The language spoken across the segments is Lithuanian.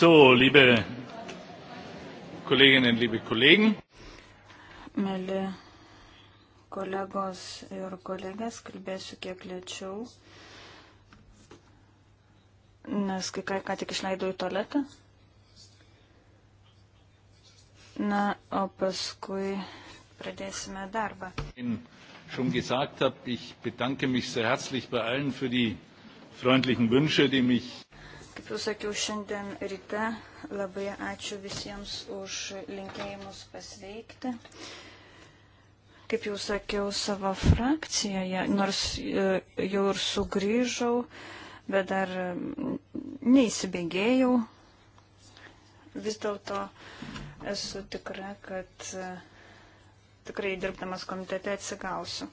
So, liebe Kolleginnen, liebe Kollegen. Mėly kolegos ir kolegės, kalbėsiu kiek lėčiau, nes kai ką, ką tik išleidau į tualetą. Na, o paskui pradėsime darbą. Schon gesagt habe, ich bedanke mich sehr herzlich bei allen für die freundlichen Wünsche, die mich Kaip jau sakiau, šiandien ryte labai ačiū visiems už linkėjimus pasveikti. Kaip jau sakiau savo frakcijoje, nors e, jau ir sugrįžau, bet dar mm, neįsibėgėjau. Vis dėlto esu tikra, kad e, tikrai dirbdamas komitete atsigausiu.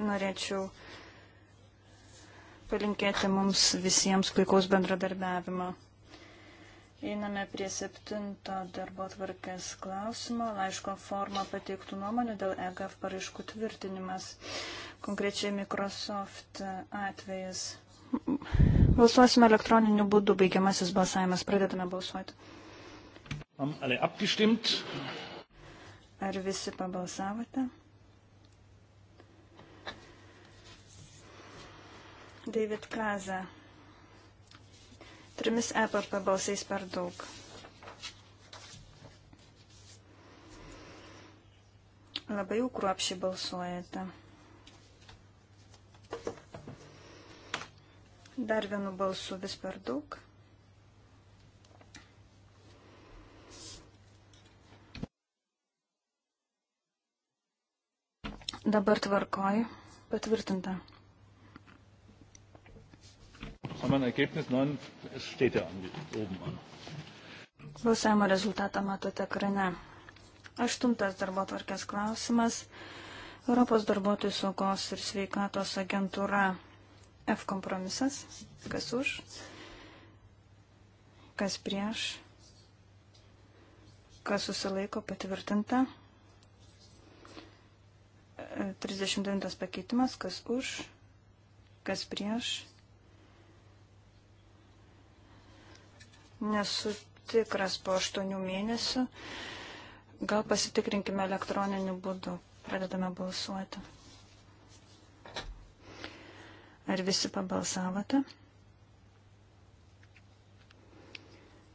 Norėčiau palinkėti mums visiems puikaus bendradarbiavimo. Einame prie septinto darbo tvarkės klausimo. Laiško forma pateiktų nuomonių dėl EGAF paraiškų tvirtinimas. Konkrečiai Microsoft atvejas. Balsuosime elektroniniu būdu. Baigiamasis balsavimas. Pradedame balsuoti. Ar visi pabalsavote? David Kaza. Trimis EPP balsais per daug. Labai jau kruopšiai balsuojate. Dar vienu balsu vis per daug. Dabar tvarkoj. Patvirtinta. Haben wir ein Ergebnis? Nein, es steht ja an, oben an. Balsavimo rezultatą matote ekrane. Aštuntas darbo tvarkės klausimas. Europos darbuotojų saugos ir sveikatos agentūra F kompromisas. Kas už? Kas prieš? Kas susilaiko patvirtinta? 39 e, pakeitimas. Kas už? Kas prieš? nesu tikras po aštuonių mėnesių. Gal pasitikrinkime elektroniniu būdu. Pradedame balsuoti. Ar visi pabalsavote?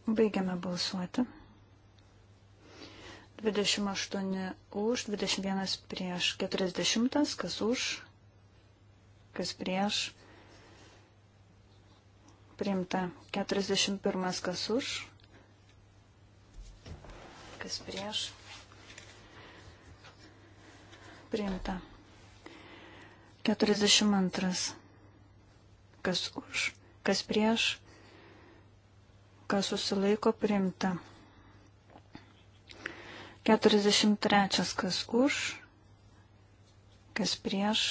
Baigiame balsuoti. 28 už, 21 prieš, 40 kas už, kas prieš Priimta 41 kas už, kas prieš. Priimta 42 kas už, kas prieš, kas susilaiko priimta. 43 kas už, kas prieš,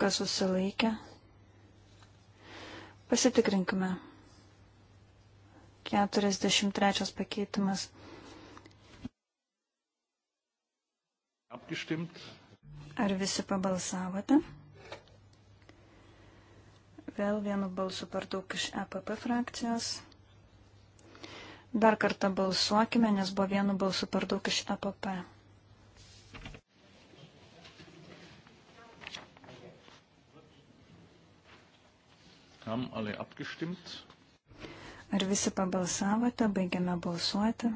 kas susilaikė Pasitikrinkime. 43 pakeitimas. Apgestimt. Ar visi pabalsavote? Vėl vienu balsu per daug iš EPP frakcijos. Dar kartą balsuokime, nes buvo vienu balsu per daug iš EPP. Haben alle abgestimmt? Ar visi pabalsavote, baigiame balsuoti?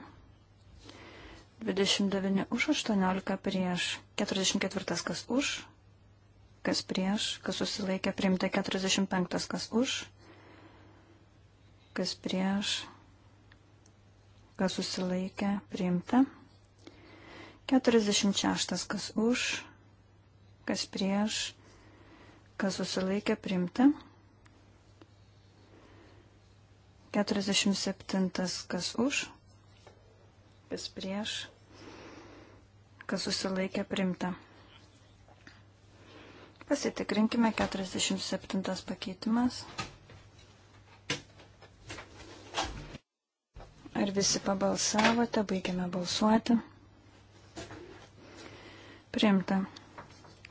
29 už, 18 prieš, 44 kas už, kas prieš, kas susilaikė priimta 45 kas už, kas prieš, kas susilaikė priimta 46 kas už, kas prieš, kas susilaikė priimta 46. 47. Kas už? Kas prieš? Kas susilaikė primta? Pasitikrinkime 47 pakeitimas. Ar visi pabalsavote? Baigiame balsuoti. Priimta.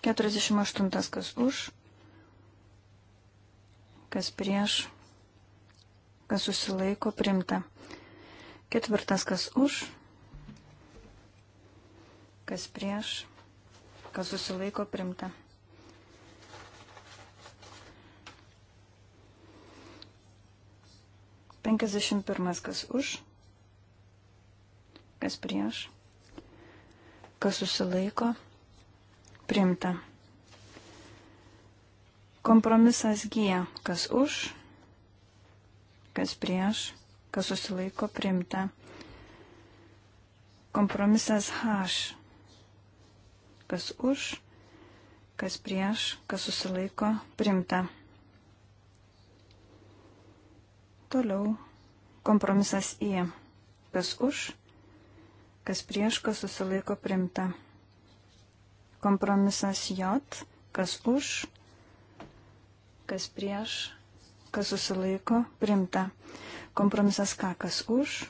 48 kas už, kas prieš kas susilaiko primta. Ketvirtas, kas už, kas prieš, kas susilaiko primta. Penkiasdešimt pirmas, kas už, kas prieš, kas susilaiko primta. Kompromisas gyja, kas už, kas prieš, kas susilaiko priimta. Kompromisas H, kas už, kas prieš, kas susilaiko priimta. Toliau kompromisas I, kas už, kas prieš, kas susilaiko priimta. Kompromisas J, kas už, kas prieš, kas susilaiko, primta. Kompromisas K, kas už,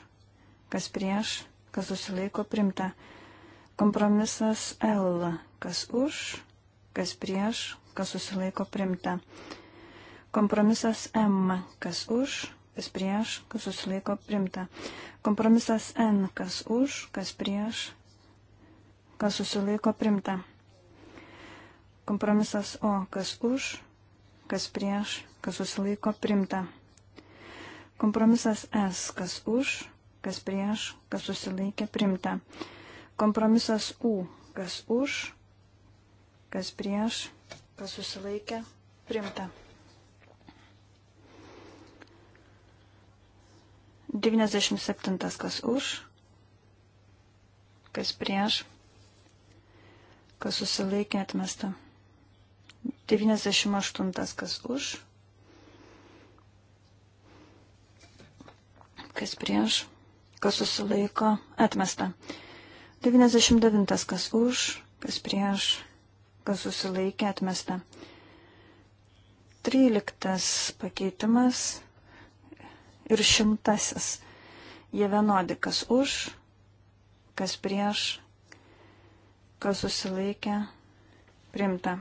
kas prieš, kas susilaiko, primta. Kompromisas L, kas už, kas prieš, kas susilaiko, primta. Kompromisas M, kas už, kas prieš, kas susilaiko, primta. Kompromisas N, kas už, kas prieš, kas susilaiko, primta. Kompromisas O, kas už, kas prieš, kas susilaiko primta. Kompromisas S, kas už, kas prieš, kas susilaikė primta. Kompromisas U, kas už, kas prieš, kas susilaikė primta. 97 kas už, kas prieš, kas susilaikė atmesta. 98 kas už, kas prieš, kas susilaiko, atmesta. 99, kas už, kas prieš, kas susilaikė, atmesta. 13 pakeitimas ir šimtasis. Jie vienodi, kas už, kas prieš, kas susilaikė, primta.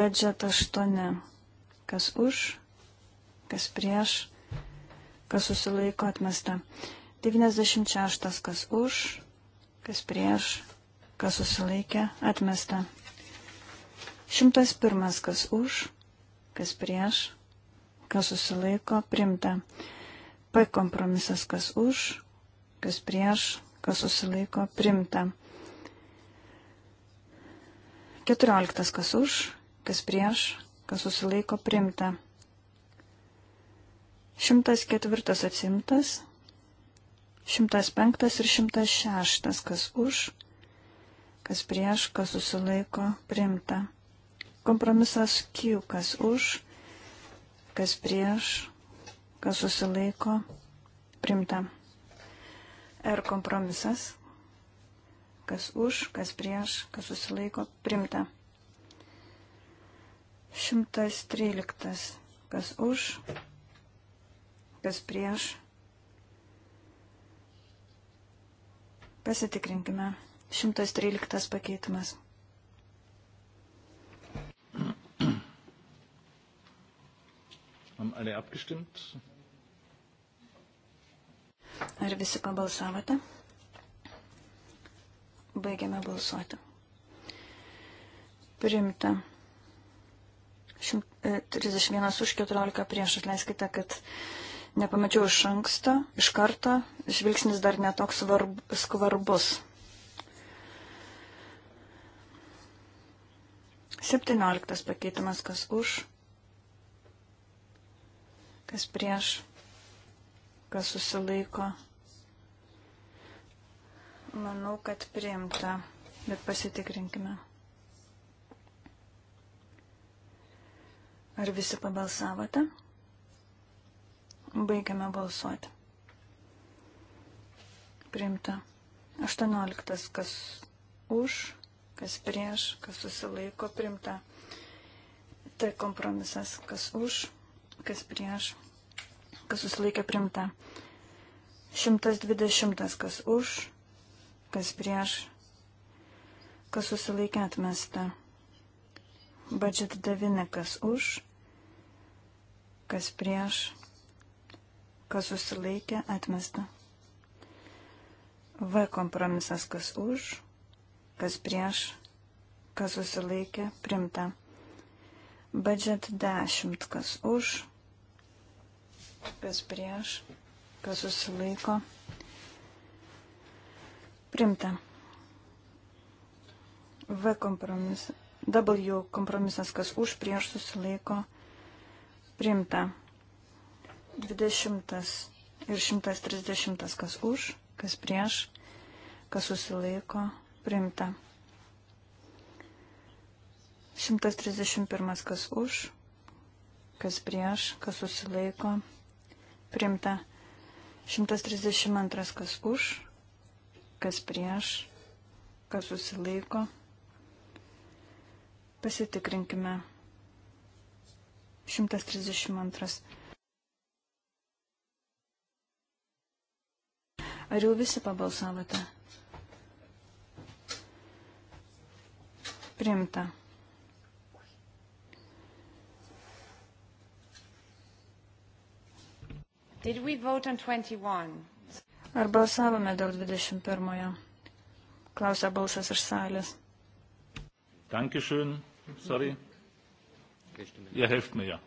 Bedžet 8. Kas už, kas prieš, kas susilaiko atmesta. 96, kas už, kas prieš, kas susilaikė atmesta. 101, kas už, kas prieš, kas susilaiko primta. P kompromisas, kas už, kas prieš, kas susilaiko primta. 14, kas už, kas prieš, kas susilaiko primta. 104 atsimtas, 105 ir 106, kas už, kas prieš, kas susilaiko, primta. Kompromisas Q, kas už, kas prieš, kas susilaiko, primta. R kompromisas, kas už, kas prieš, kas susilaiko, primta. 113, kas už, kas prieš. Pasitikrinkime. 113 pakeitimas. Haben alle abgestimmt? Ar visi pabalsavote? Baigiame balsuoti. Primta. 31 e, už 14 prieš. Atleiskite, kad nepamačiau iš anksto, iš karto, žvilgsnis dar netoks svarb, skvarbus. 17 pakeitimas, kas už, kas prieš, kas susilaiko. Manau, kad priimta, bet pasitikrinkime. Ar visi pabalsavote? Baigiame balsuoti. Priimta. 18. Kas už, kas prieš, kas susilaiko, priimta. Tai kompromisas. Kas už, kas prieš, kas susilaikė, priimta. 120. Kas už, kas prieš, kas susilaikė, atmesta. Budžet 9. Kas už, kas prieš, kas susilaikė, atmesta. V kompromisas, kas už, kas prieš, kas susilaikė, primta. Budget 10, kas už, kas prieš, kas susilaiko, primta. V kompromisas, W kompromisas, kas už, prieš, susilaiko, primta. 120 ir 130, kas už, kas prieš, kas susilaiko, priimta. 131, kas už, kas prieš, kas susilaiko, priimta. 132, kas už, kas prieš, kas susilaiko. Pasitikrinkime. 132. Ar jau visi pabalsavote? Primta. Did we vote on 21? Ar balsavome dėl 21-ojo? Klausia balsas iš salės. Dankeschön. Sorry. Ihr helft mir ja.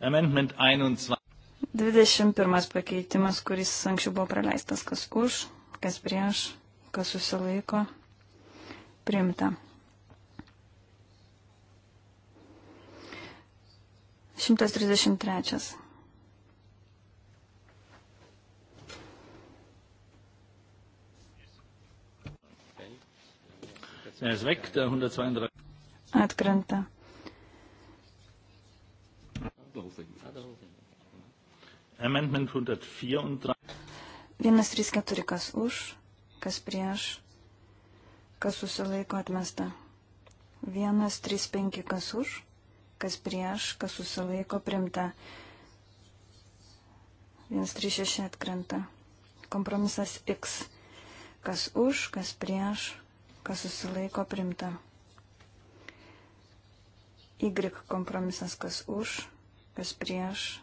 Amendment 21. 21 pakeitimas, kuris anksčiau buvo praleistas, kas už, kas prieš, kas susilaiko, priimta. 133. Er Atkrenta. Other whole thing. Other whole thing. Amendment 134. 134 kas už, kas prieš, kas susilaiko atmesta. 135 kas už, kas prieš, kas susilaiko primta. 136 atkrenta. Kompromisas X. Kas už, kas prieš, kas susilaiko primta. Y kompromisas kas už, kas prieš,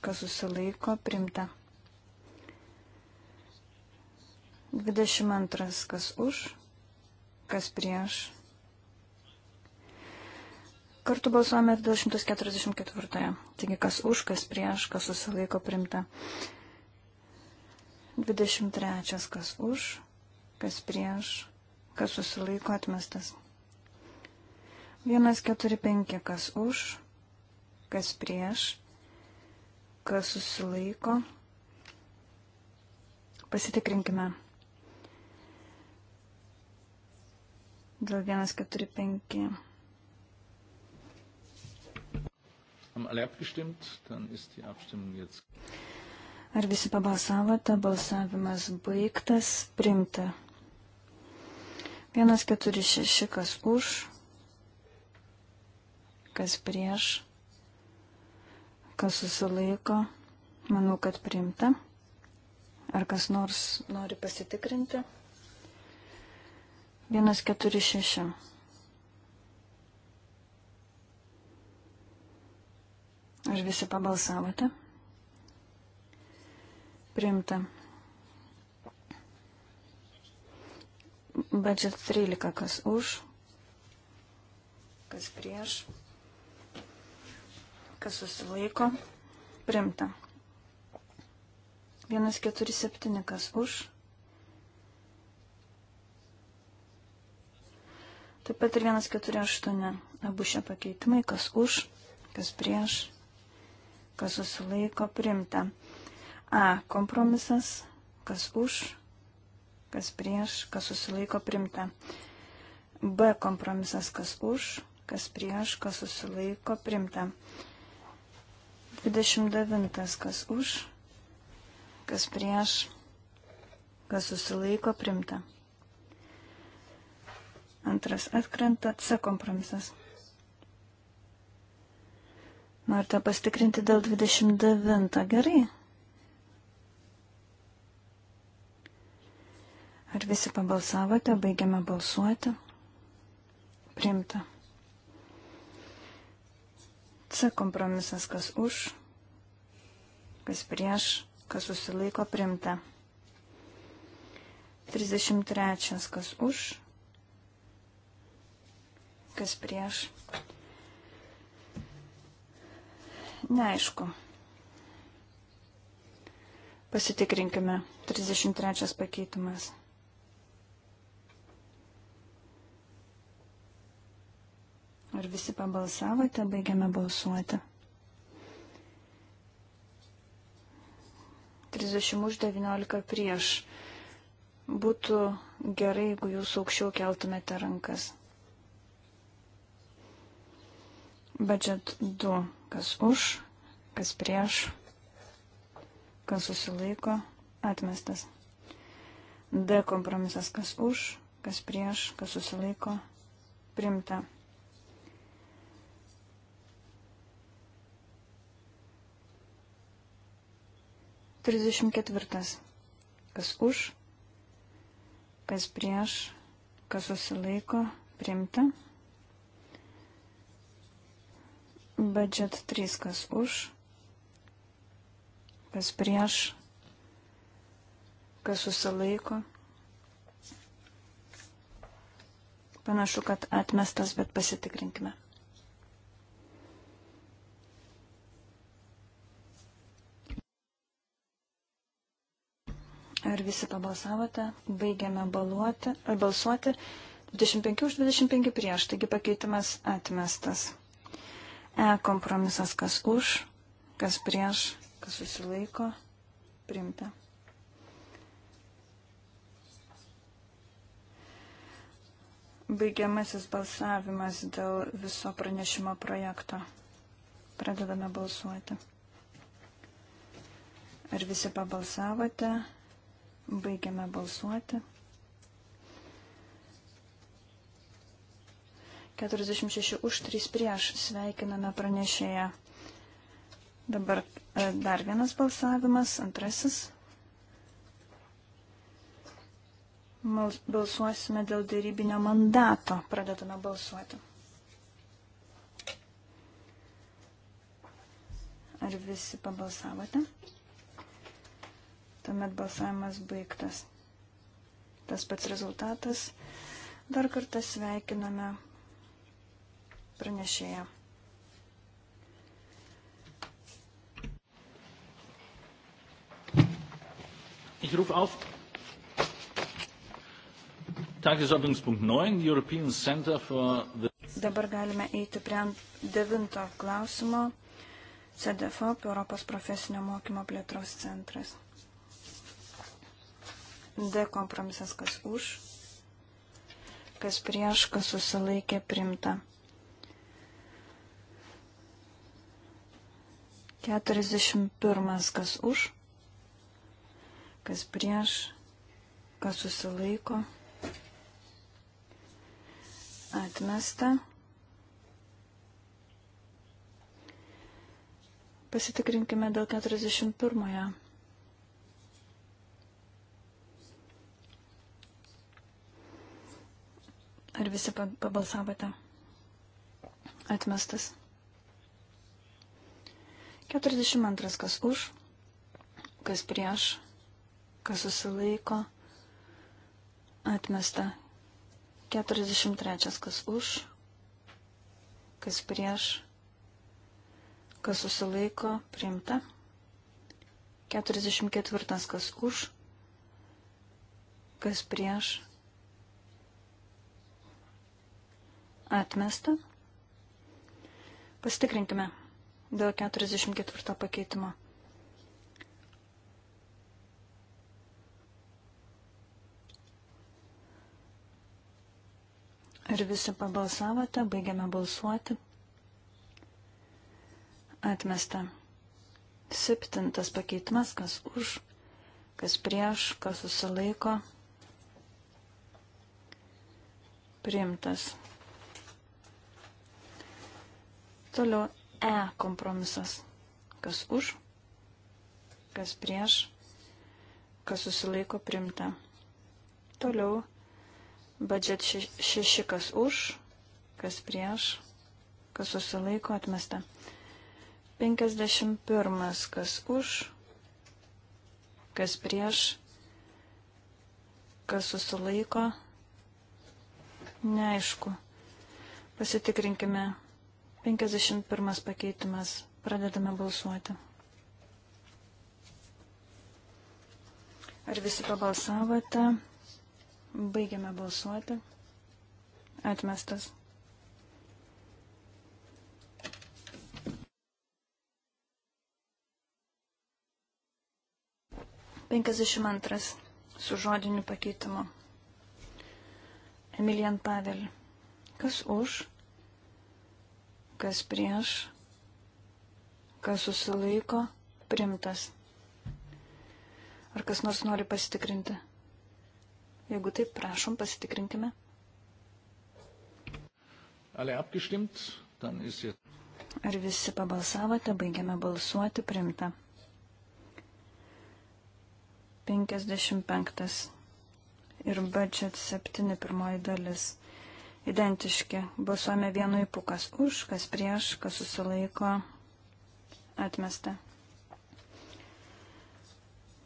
kas susilaiko, primta. 22. Kas už, kas prieš. Kartu balsuojame 244. Taigi, kas už, kas prieš, kas susilaiko, primta. 23. Kas už, kas prieš, kas susilaiko, atmestas. 1, 4, 5, kas už, kas prieš, kas susilaiko. Pasitikrinkime. Dėl 145. Ar visi pabalsavote? Balsavimas baigtas. Primta. 146 kas už, kas prieš kas susilaiko, manau, kad priimta. Ar kas nors nori pasitikrinti? 146. Ar visi pabalsavote? Priimta. Budget 13, kas už, kas prieš, kas susilaiko, primta. 147 kas už. Taip pat ir 148 abu šie pakeitimai, kas už, kas prieš, kas susilaiko, primta. A. Kompromisas, kas už, kas prieš, kas susilaiko, primta. B. Kompromisas, kas už, kas prieš, kas susilaiko, primta. 29. Kas už, kas prieš, kas susilaiko primta. Antras atkrenta C kompromisas. Norite pastikrinti dėl 29. Gerai. Ar visi pabalsavote? Baigiame balsuoti. Primta. C kompromisas, kas už, kas prieš, kas susilaiko primta. 33, kas už, kas prieš. Neaišku. Pasitikrinkime. 33 pakeitimas. Ar visi pabalsavote? Baigiame balsuoti. 30 už 19 prieš. Būtų gerai, jeigu jūs aukščiau keltumėte rankas. Budget 2. Kas už, kas prieš, kas susilaiko, atmestas. D kompromisas, kas už, kas prieš, kas susilaiko, primta. 34. Kas už, kas prieš, kas susilaiko, priimta. Budget 3. Kas už, kas prieš, kas susilaiko. Panašu, kad atmestas, bet pasitikrinkime. Ar visi pabalsavote? Baigiame baluoti, ar balsuoti. 25 už 25 prieš, taigi pakeitimas atmestas. E kompromisas kas už, kas prieš, kas susilaiko, primta. Baigiamasis balsavimas dėl viso pranešimo projekto. Pradedame balsuoti. Ar visi pabalsavote? Baigiame balsuoti. 46 už 3 prieš sveikiname pranešėją. Dabar e, dar vienas balsavimas, antrasis. Balsuosime dėl dėrybinio mandato. Pradedame balsuoti. Ar visi pabalsavote? Tuomet balsavimas baigtas. Tas pats rezultatas. Dar kartą sveikiname pranešėją. Ich rufe auf Tagesordnungspunkt 9, European Center for the... Dabar galime eiti prie devinto klausimo. CDFOP, Europos profesinio mokymo plėtros centras. D kompromisas kas už, kas prieš, kas susilaikė primta. 41 kas už, kas prieš, kas susilaiko. Atmesta. Pasitikrinkime dėl 41. -ojo. visi pabalsavote. Atmestas. 42. Kas už, kas prieš, kas susilaiko. Atmesta. 43. Kas už, kas prieš, kas susilaiko. Priimta. 44. Kas už, kas prieš, Atmesta. Pasitikrinkime dėl 44 pakeitimo. Ar visi pabalsavote? Baigiame balsuoti. Atmesta. Septintas pakeitimas, kas už, kas prieš, kas susilaiko. Priimtas. Toliau E kompromisas. Kas už, kas prieš, kas susilaiko primta. Toliau budžet 6, kas už, kas prieš, kas susilaiko atmesta. 51, kas už, kas prieš, kas susilaiko, neaišku. Pasitikrinkime 51 pakeitimas. Pradedame balsuoti. Ar visi pabalsavote? Baigiame balsuoti. Atmestas. Penkiasdešimt antras su žodiniu pakeitimu. Emilian Pavel. Kas už? kas prieš, kas susilaiko, primtas. Ar kas nors nori pasitikrinti? Jeigu taip, prašom, pasitikrinkime. Ar visi pabalsavote, baigiame balsuoti, primta. 55. Ir budžet 7 pirmoji dalis identiški. Balsuojame vienu įpu, kas už, kas prieš, kas susilaiko, atmesta.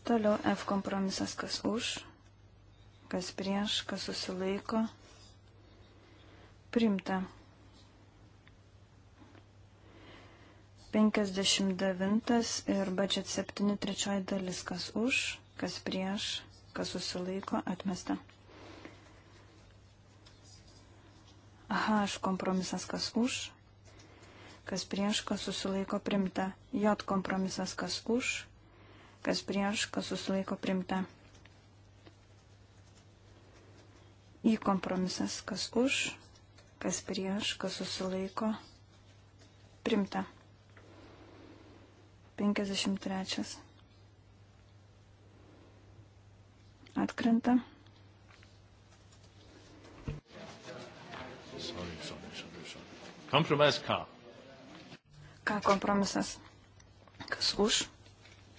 Toliau F kompromisas, kas už, kas prieš, kas susilaiko, primta. 59 ir budžet 7 trečioji dalis, kas už, kas prieš, kas susilaiko, atmesta. H kompromisas kas už, kas prieš, kas susilaiko primta. J kompromisas kas už, kas prieš, kas susilaiko primta. Į kompromisas kas už, kas prieš, kas susilaiko primta. 53. Atkrenta. sorry, sorry, sorry, sorry. Kompromis ką? Ką kompromisas? Kas už,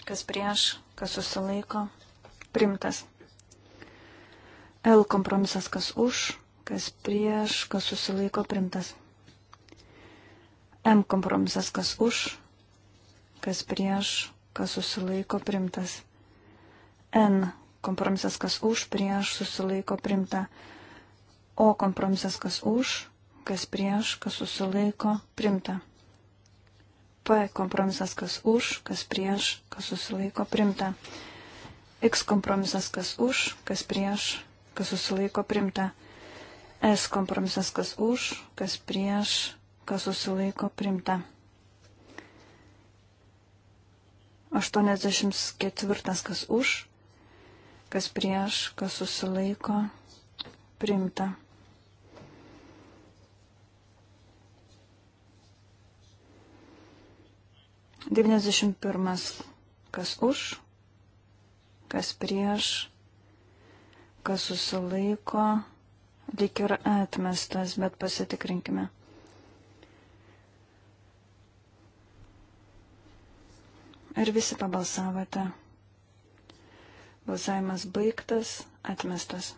kas prieš, kas susilaiko, primtas. L kompromisas, kas už, kas prieš, kas susilaiko, primtas. M kompromisas, kas už, kas prieš, kas susilaiko, primtas. N kompromisas, kas už, prieš, susilaiko, primta. O kompromisas kas už, kas prieš, kas susilaiko, primta. P kompromisas kas už, kas prieš, kas susilaiko, primta. X kompromisas kas už, kas prieš, kas susilaiko, primta. S kompromisas kas už, kas prieš, kas susilaiko, primta. 84 kas už, kas prieš, kas susilaiko, primta. 91. Kas už, kas prieš, kas susilaiko, lyg ir atmestas, bet pasitikrinkime. Ar visi pabalsavote? Balsavimas baigtas, atmestas.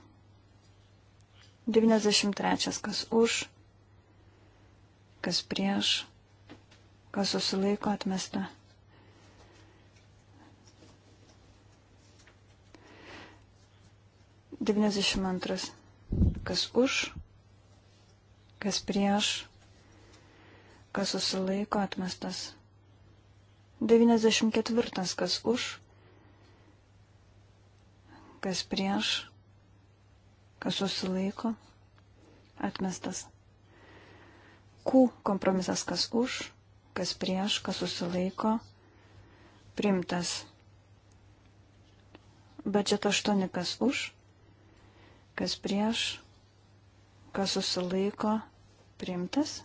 93. Kas už, kas prieš, kas susilaiko atmesta. Devyniasdešimt antras, kas už, kas prieš, kas susilaiko atmestas. Devyniasdešimt ketvirtas, kas už, kas prieš, kas susilaiko atmestas. Q kompromisas, kas už, kas prieš, kas susilaiko, primtas. Budžet 8, kas už, kas prieš, kas susilaiko, primtas.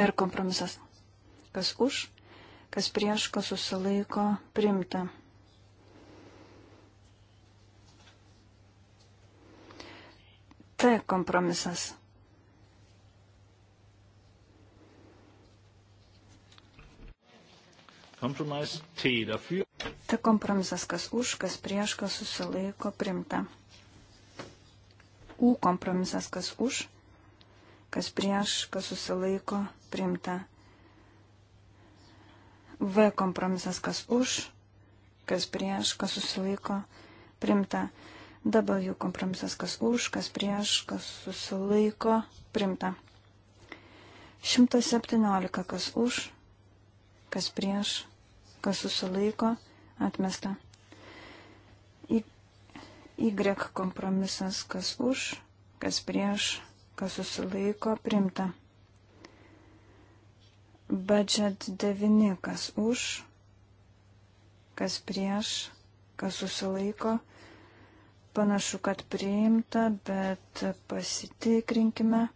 Ir kompromisas, kas už, kas prieš, kas susilaiko, primta. T kompromisas. Kompromis T dafür. Ta kompromisas, kas už, kas prieš, kas susilaiko, primta. U kompromisas, kas už, kas prieš, kas susilaiko, primta. V kompromisas, kas už, kas prieš, kas susilaiko, primta. W kompromisas, kas už, kas prieš, kas susilaiko, primta. 117, kas už, kas prieš, kas susilaiko, atmesta. Y, y kompromisas, kas už, kas prieš, kas susilaiko, primta. Budget 9, kas už, kas prieš, kas susilaiko. Panašu, kad priimta, bet pasitikrinkime.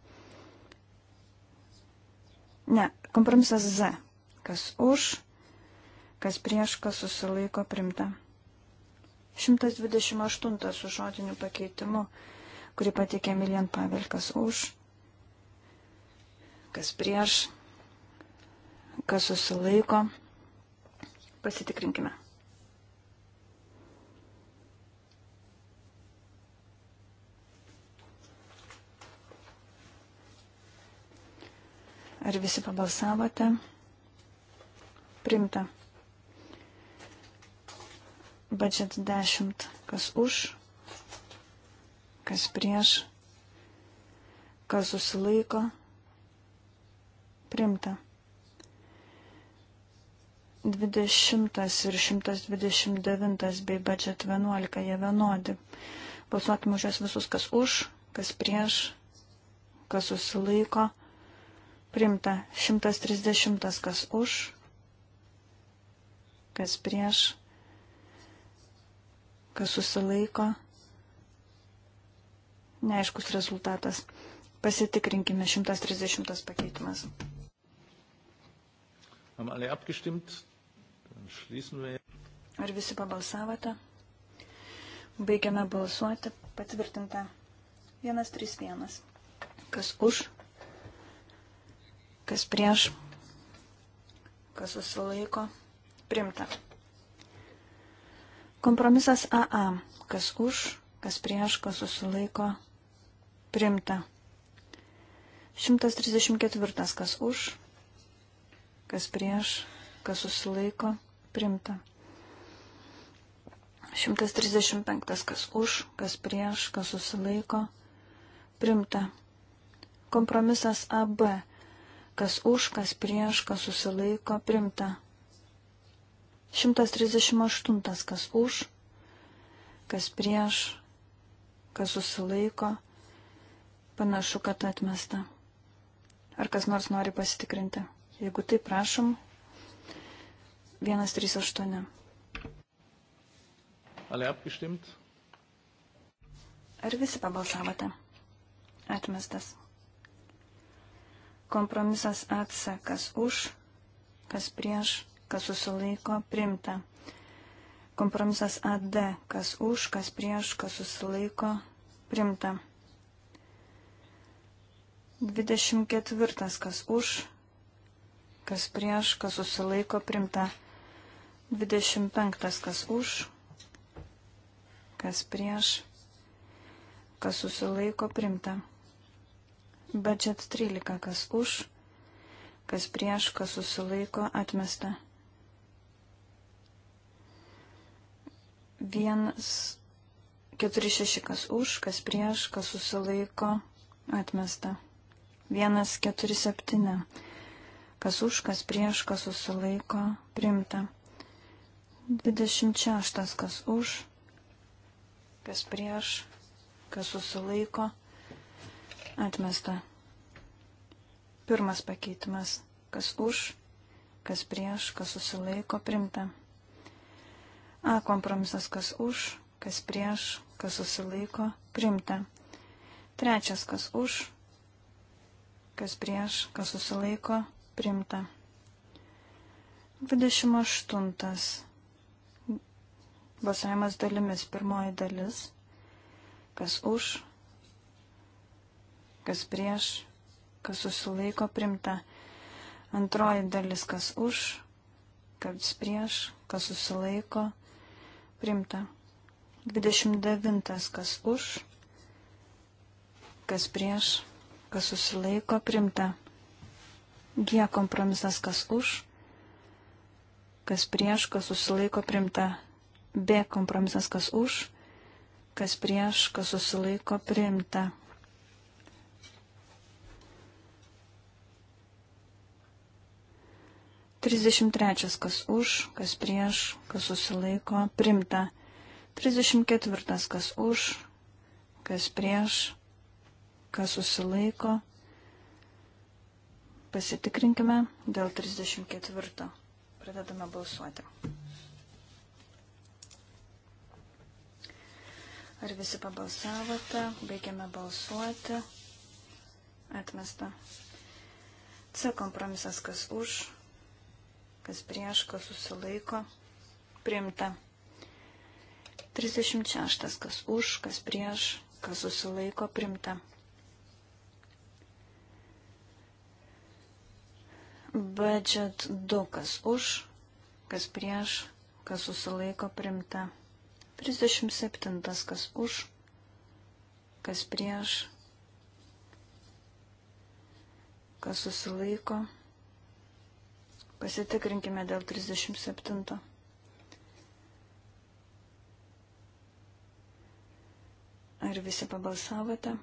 Ne, kompromisas Z. Kas už, kas prieš, kas susilaiko primta. 128 su žodiniu pakeitimu, kurį patikė Milijan Pavelkas už, kas prieš, kas susilaiko. Pasitikrinkime. Ar visi pabalsavote? Primta. Budžet 10. Kas už, kas prieš, kas susilaiko. Primta. 20 ir 129 bei budžet 11, jie vienodi. Balsuokime už juos visus, kas už, kas prieš, kas susilaiko. Primta 130, kas už, kas prieš, kas susilaiko. Neaiškus rezultatas. Pasitikrinkime 130 pakeitimas. Ar visi pabalsavote? Baigiame balsuoti. Patvirtinta. 131. Kas už? Kas prieš? Kas susilaiko? Primta. Kompromisas AA. Kas už, kas prieš, kas susilaiko, primta. 134. Kas už, kas prieš, kas susilaiko, primta. 135. Kas už, kas prieš, kas susilaiko, primta. Kompromisas AB. Kas už, kas prieš, kas susilaiko, primta. 138. Kas už, kas prieš, kas susilaiko, panašu, kad atmesta. Ar kas nors nori pasitikrinti? Jeigu tai prašom, 138. Alle abgestimmt? Ar visi pabalsavote? Atmestas. Kompromisas atsakas už, kas prieš, kas susilaiko, primta. Kompromisas AD, kas už, kas prieš, kas susilaiko, primta. 24, kas už, kas prieš, kas susilaiko, primta. 25, kas už, kas prieš, kas susilaiko, primta. Budget 13, kas už, kas prieš, kas susilaiko, atmesta. Vienas, keturi šeši, kas už, kas prieš, kas susilaiko, atmesta. Vienas, keturi septyni, kas už, kas prieš, kas susilaiko, primta. Dvidešimt šeštas, kas už, kas prieš, kas susilaiko, atmesta. Pirmas pakeitimas, kas už, kas prieš, kas susilaiko, primta. A kompromisas kas už, kas prieš, kas susilaiko, primta. Trečias kas už, kas prieš, kas susilaiko, primta. 28. Balsavimas dalimis. Pirmoji dalis. Kas už, kas prieš, kas susilaiko, primta. Antroji dalis. Kas už, kas prieš, kas susilaiko, primta Primta. 29. Kas už, kas prieš, kas susilaiko, primta. G kompromisas, kas už, kas prieš, kas susilaiko, primta. B kompromisas, kas už, kas prieš, kas susilaiko, primta. 33. Kas už, kas prieš, kas susilaiko, primta. 34. Kas už, kas prieš, kas susilaiko. Pasitikrinkime dėl 34. Pradedame balsuoti. Ar visi pabalsavote? Baigiame balsuoti. Atmesta. C kompromisas kas už, kas prieš, kas susilaiko, priimta. 36. Kas už, kas prieš, kas susilaiko, priimta. Budget 2. Kas už, kas prieš, kas susilaiko, priimta. 37. Kas už, kas prieš, kas susilaiko, priimta Pasitikrinkime dėl 37. Ar visi pabalsavote?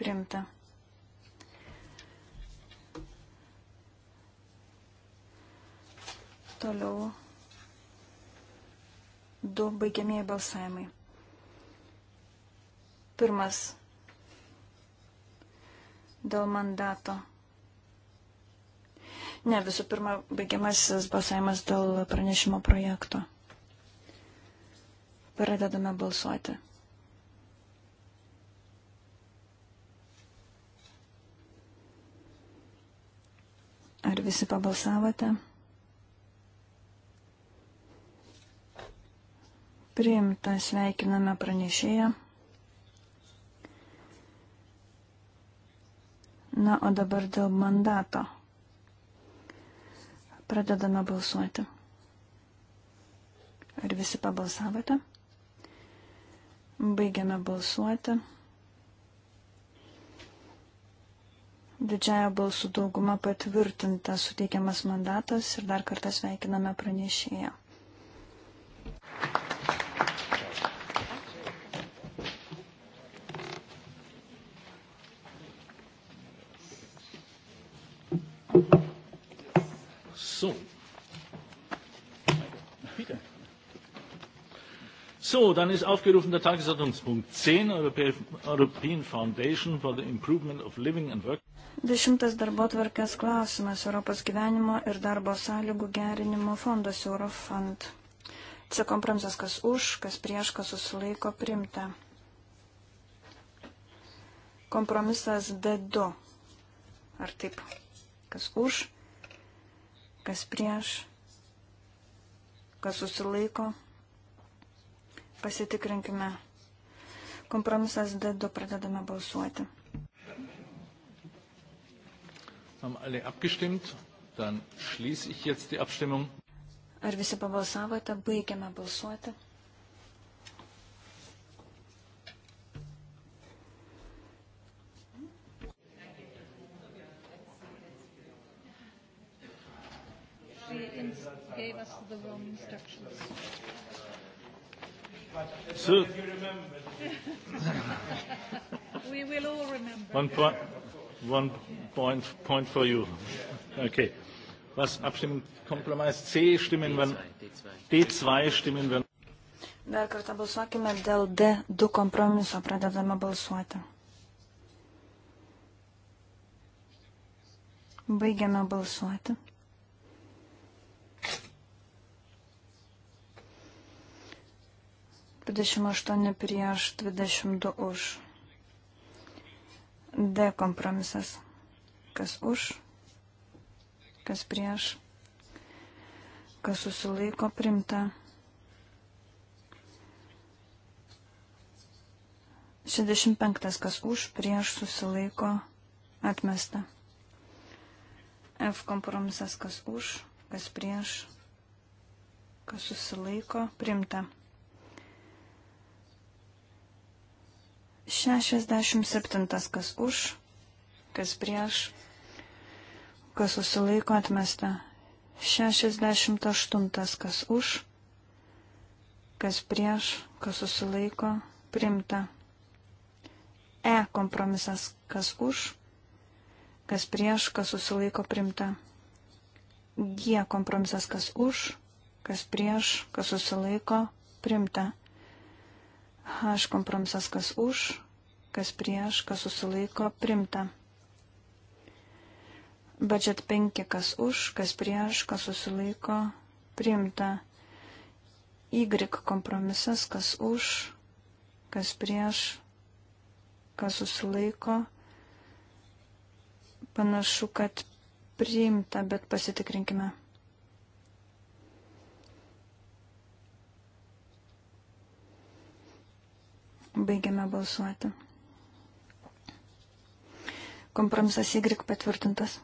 Primta. Toliau du baigiamieji balsavimai. Pirmas dėl mandato. Ne, visų pirma, baigiamasis balsavimas dėl pranešimo projekto. Pradedame balsuoti. Ar visi pabalsavote? Priimta sveikiname pranešėją. Na, o dabar dėl mandato. Pradedame balsuoti. Ar visi pabalsavote? Baigiame balsuoti. Didžiaja balsų dauguma patvirtinta suteikiamas mandatas ir dar kartą sveikiname pranešėją. So, dann ist aufgerufen der Tagesordnungspunkt 10, European Foundation for the Improvement of Living and Work. Dešimtas darbo tvarkės klausimas Europos gyvenimo ir darbo sąlygų gerinimo fondas Eurofund. C kompromisas kas už, kas prieš, kas susilaiko primta. Kompromisas D2. Ar taip? Kas už, kas prieš, kas susilaiko primta Pasitikrinkime. Kompromisas D2 pradedame balsuoti. Haben alle abgestimmt? Dann schließe ich jetzt die Abstimmung. Ar visi pabalsavote? Baigiame balsuoti. One point, one point, point for you. Okay. Was Abstimmung Kompromiss C stimmen wir D2 stimmen wir. Dar kartą balsuokime dėl D2 kompromiso, pradedame balsuoti. Baigiame balsuoti. Dvidešimt aštuoni prieš, dvidešimt du už. D kompromisas. Kas už, kas prieš, kas susilaiko primta. 65. Kas už, prieš susilaiko atmesta. F kompromisas. Kas už, kas prieš, kas susilaiko primta. 67. Kas už, kas prieš, kas susilaiko atmesta. 68. Kas už, kas prieš, kas susilaiko primta. E kompromisas. Kas už, kas prieš, kas susilaiko primta. G kompromisas. Kas už, kas prieš, kas susilaiko primta. H kompromisas kas už, kas prieš, kas susilaiko, primta. Budget 5 kas už, kas prieš, kas susilaiko, primta. Y kompromisas kas už, kas prieš, kas susilaiko. Panašu, kad priimta, bet pasitikrinkime. Baigiame balsuoti. Kompromisas Y patvirtintas.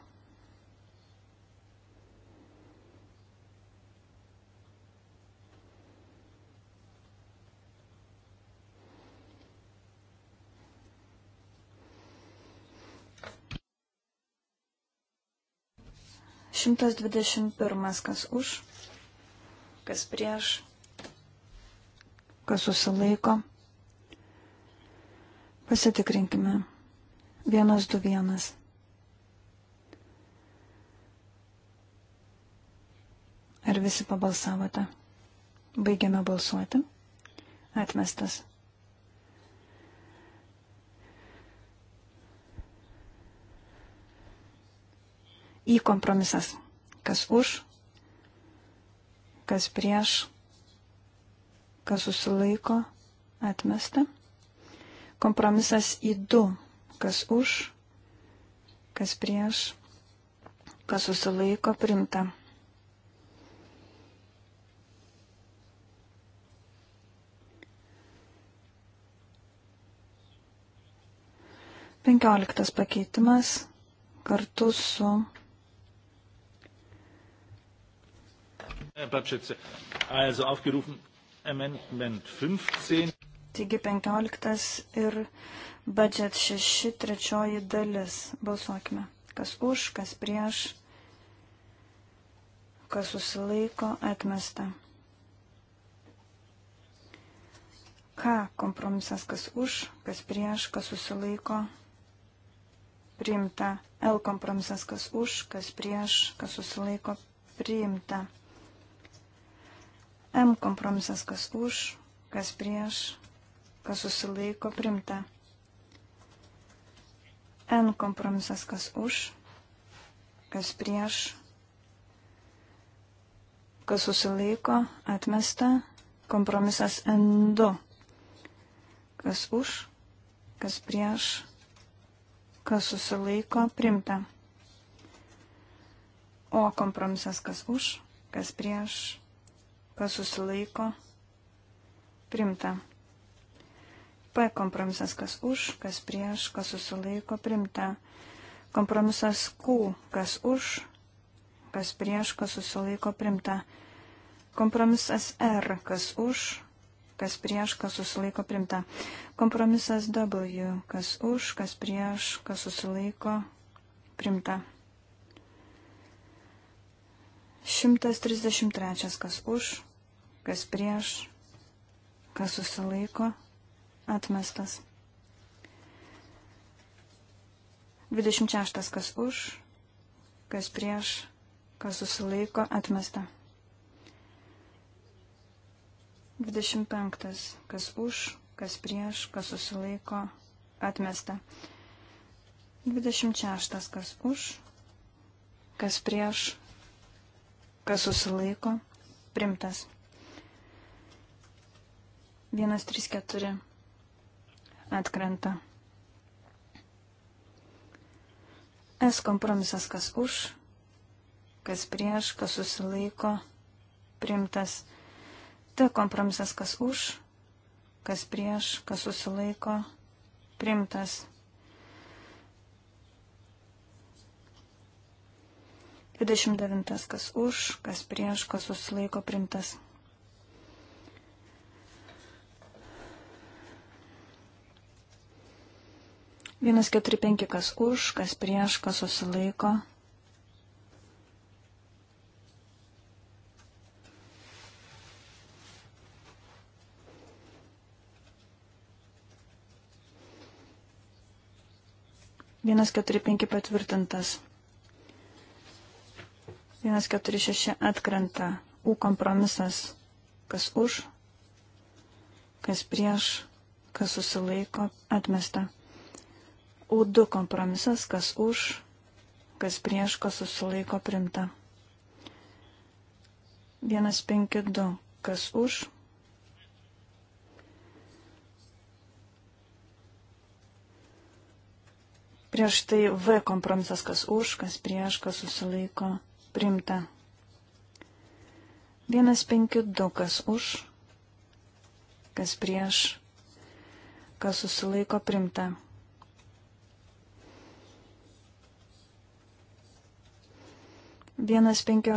Šimtas dvidešimt pirmas, kas už, kas prieš, kas susilaiko. Pasitikrinkime. 121. Ar visi pabalsavote? Baigiame balsuoti. Atmestas. Į kompromisas. Kas už, kas prieš, kas susilaiko, atmesta. Kompromisas į du. Kas už, kas prieš, kas susilaiko primta. Penkioliktas pakeitimas kartu su. Herr Papschitze, also aufgerufen Amendment 15. Taigi 15 ir budžet 6 trečioji dalis. Balsuokime. Kas už, kas prieš, kas susilaiko, atmesta. Ką kompromisas, kas už, kas prieš, kas susilaiko, priimta. L kompromisas, kas už, kas prieš, kas susilaiko, priimta. M kompromisas, kas už, kas prieš, kas susilaiko primta. N kompromisas, kas už, kas prieš, kas susilaiko, atmesta, kompromisas N2, kas už, kas prieš, kas susilaiko, primta. O kompromisas, kas už, kas prieš, kas susilaiko, primta. P kompromisas kas už, kas prieš, kas susilaiko primta. Kompromisas Q kas už, kas prieš, kas susilaiko primta. Kompromisas R kas už, kas prieš, kas susilaiko primta. Kompromisas W kas už, kas prieš, kas susilaiko primta. 133 kas už, kas prieš, kas susilaiko primta Atmestas. 26. Kas už, kas prieš, kas susilaiko, atmesta. 25. Kas už, kas prieš, kas susilaiko, atmesta. 26. Kas už, kas prieš, kas susilaiko, primtas. 1, 3, 4 atkrenta. S kompromisas kas už, kas prieš, kas susilaiko, primtas. T kompromisas kas už, kas prieš, kas susilaiko, primtas. Dvidešimt devintas kas už, kas prieš, kas susilaiko, primtas. Vienas keturi penki kas už, kas prieš, kas susilaiko. Vienas keturi penki patvirtintas. Vienas keturi šeši atkrenta. U kompromisas. Kas už, kas prieš, kas susilaiko, atmesta. U2 kompromisas, kas už, kas prieš, kas susilaiko primta. 152, kas už. Prieš tai V kompromisas, kas už, kas prieš, kas susilaiko primta. 152, kas už, kas prieš, kas susilaiko primta. 158.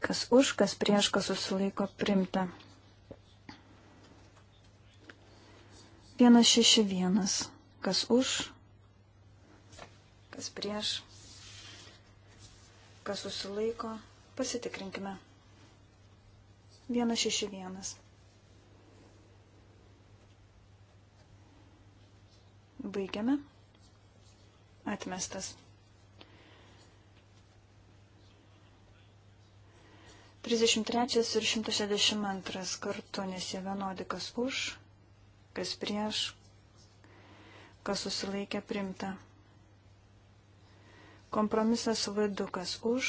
Kas už, kas prieš, kas susilaiko primta. 161. Kas už, kas prieš, kas susilaiko. Pasitikrinkime. 161. Baigiame. Atmestas. 33 ir 162 kartu, nes jie vienodi, kas už, kas prieš, kas susilaikė primta. Kompromisas vaidu, kas už,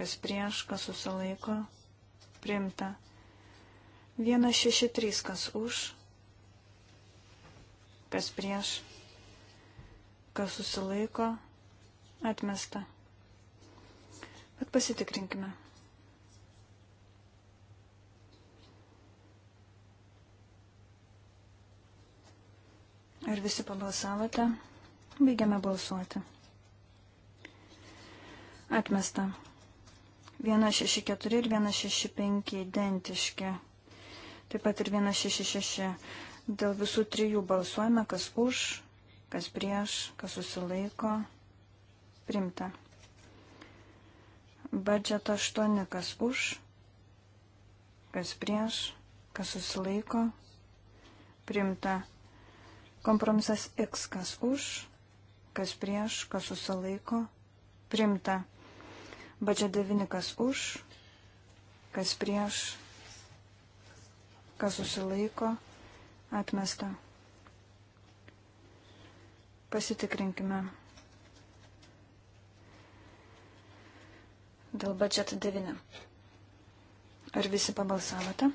kas prieš, kas susilaiko primta. 163, kas už, kas prieš, kas susilaiko atmesta. Bet pasitikrinkime. Ar visi pabalsavote? Baigiame balsuoti. Atmesta. 164 ir 165 identiški. Taip pat ir 166. Dėl visų trijų balsuojame, kas už, kas prieš, kas susilaiko. Primta. Budžeto 8, kas už, kas prieš, kas susilaiko. Primta. Kompromisas X, kas už, kas prieš, kas susilaiko, primta. Badžia 9, kas už, kas prieš, kas susilaiko, atmesta. Pasitikrinkime. Dėl budžeto 9. Ar visi pabalsavote?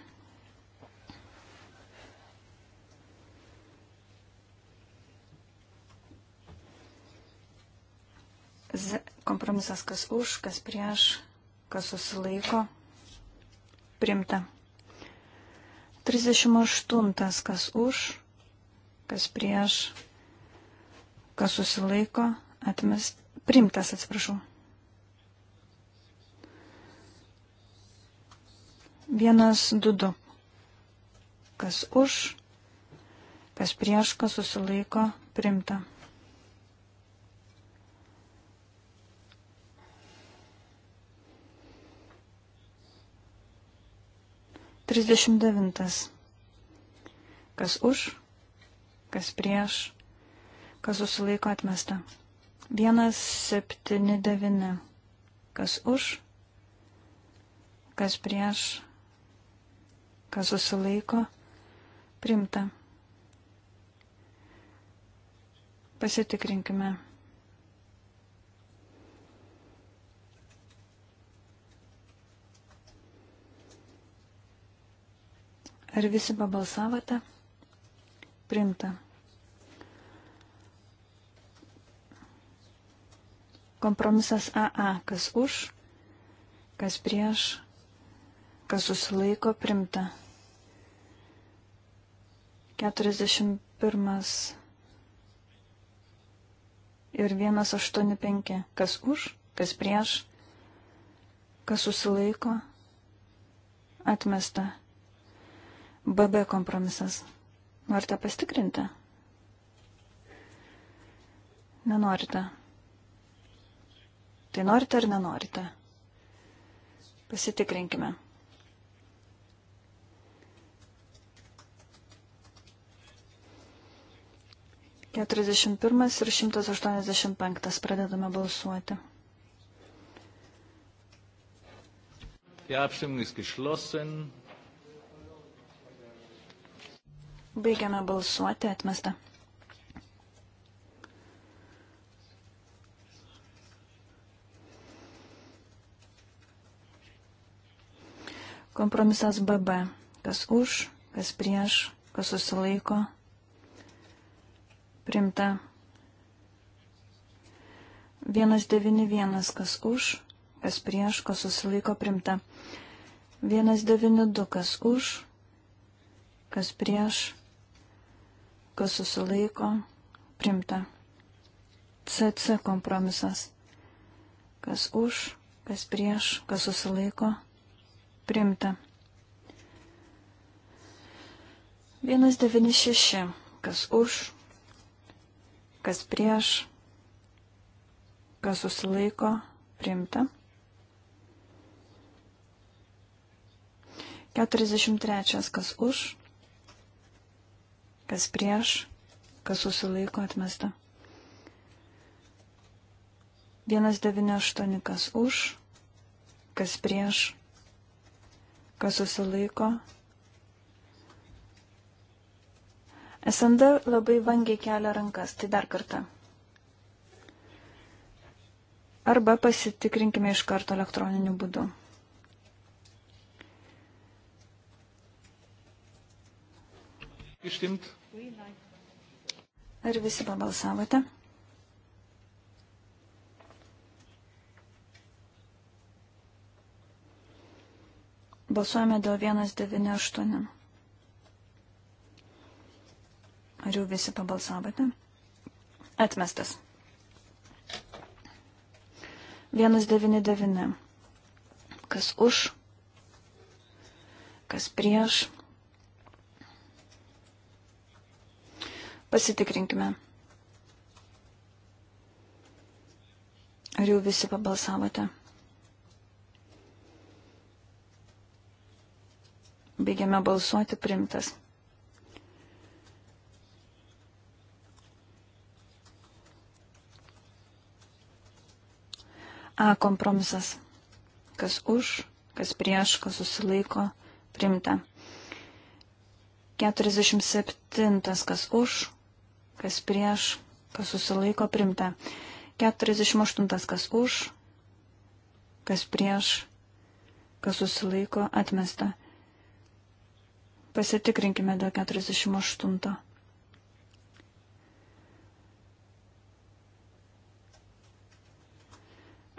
Z kompromisas kas už, kas prieš, kas susilaiko. Primta. 38. Kas už, kas prieš, kas susilaiko. Atmes. Primtas, atsiprašau. 1, 2, 2. Kas už, kas prieš, kas susilaiko. Primta. 39. Kas už, kas prieš, kas susilaiko atmesta. 179. Kas už, kas prieš, kas susilaiko, primta. Pasitikrinkime. Ar visi pabalsavote? Primta. Kompromisas AA. Kas už, kas prieš, kas susilaiko, primta. 41 ir 185. Kas už, kas prieš, kas susilaiko, atmesta. BB kompromisas. Norite pastikrinti? Nenorite. Tai norite ar nenorite? Pasitikrinkime. Keturiasdešimt pirmas ir šimtas aštuoniasdešimt penktas pradedame balsuoti. Die Abstimmung ist geschlossen. Baigiame balsuoti, atmesta. Kompromisas BB. Kas už, kas prieš, kas susilaiko. Primta. 191. Kas už, kas prieš, kas susilaiko. Primta. 192. Kas už, kas prieš, kas susilaiko, primta. CC kompromisas. Kas už, kas prieš, kas susilaiko, primta. 196. Kas už, kas prieš, kas susilaiko, primta. 43. Kas už, kas prieš, kas susilaiko atmesta. 198 kas už, kas prieš, kas susilaiko. SND labai vangiai kelia rankas, tai dar kartą. Arba pasitikrinkime iš karto elektroniniu būdu. Gestimmt. Ar visi pabalsavote? Balsuojame dėl 198. Ar jau visi pabalsavote? Atmestas. 199. Kas už, kas prieš, Pasitikrinkime. Ar jau visi pabalsavote? Baigiame balsuoti primtas. A kompromisas. Kas už, kas prieš, kas susilaiko, primta. 47. Kas už, kas prieš, kas susilaiko primta. 48. kas už, kas prieš, kas susilaiko atmesta. Pasitikrinkime dėl 48.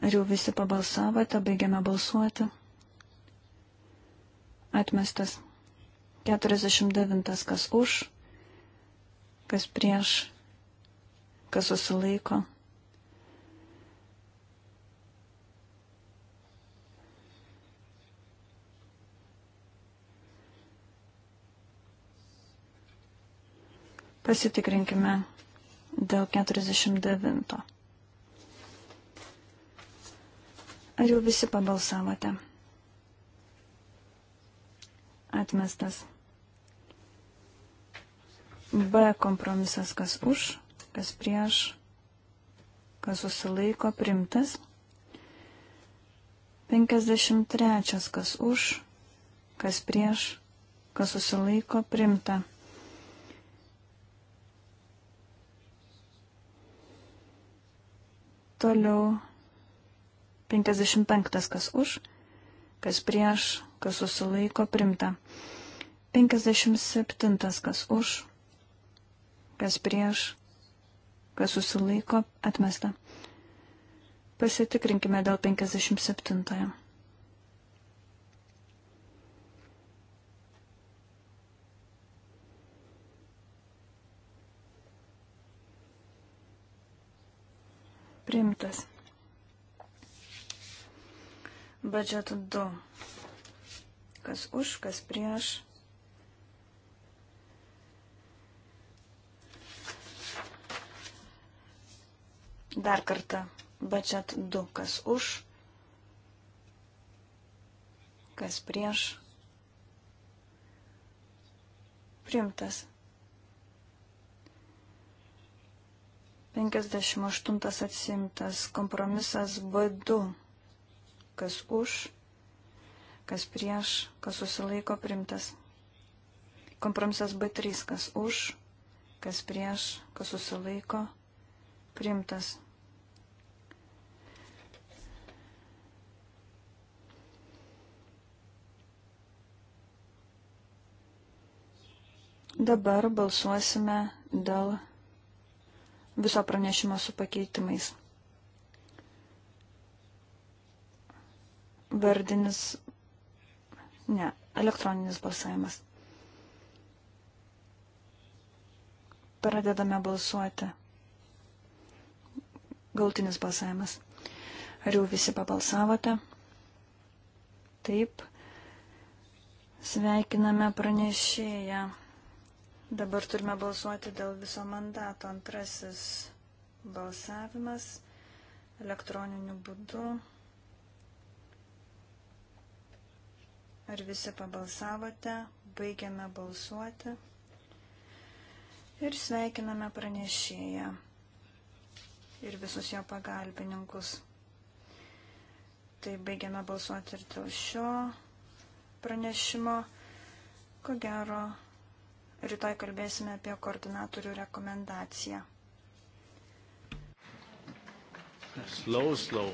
Ar jau visi pabalsavote, baigiame balsuoti? Atmestas. 49. kas už, kas prieš, kas susilaiko. Pasitikrinkime dėl 49. Ar jau visi pabalsavote? Atmestas. B kompromisas kas už, kas prieš, kas susilaiko primtas. 53 kas už, kas prieš, kas susilaiko primta. Toliau 55 kas už, kas prieš, kas susilaiko primta. 57 kas už, kas prieš, kas susilaiko, atmesta. Pasitikrinkime dėl 57. Priimtas. Budžetų 2. Kas už, kas prieš, Dar kartą. Bačiat 2. Kas už? Kas prieš? Primtas. 58 atsimtas kompromisas B2. Kas už, kas prieš, kas susilaiko primtas. Kompromisas B3. Kas už, kas prieš, kas susilaiko primtas Primtas. Dabar balsuosime dėl viso pranešimo su pakeitimais. Vardinis, ne, elektroninis balsavimas. Pradedame balsuoti galtinis balsavimas. Ar jau visi pabalsavote? Taip. Sveikiname pranešėją. Dabar turime balsuoti dėl viso mandato. Antrasis balsavimas elektroniniu būdu. Ar visi pabalsavote? Baigiame balsuoti. Ir sveikiname pranešėją ir visus jo pagalbininkus. Tai baigiame balsuoti ir dėl šio pranešimo. Ko gero, rytoj kalbėsime apie koordinatorių rekomendaciją. Slow, slow.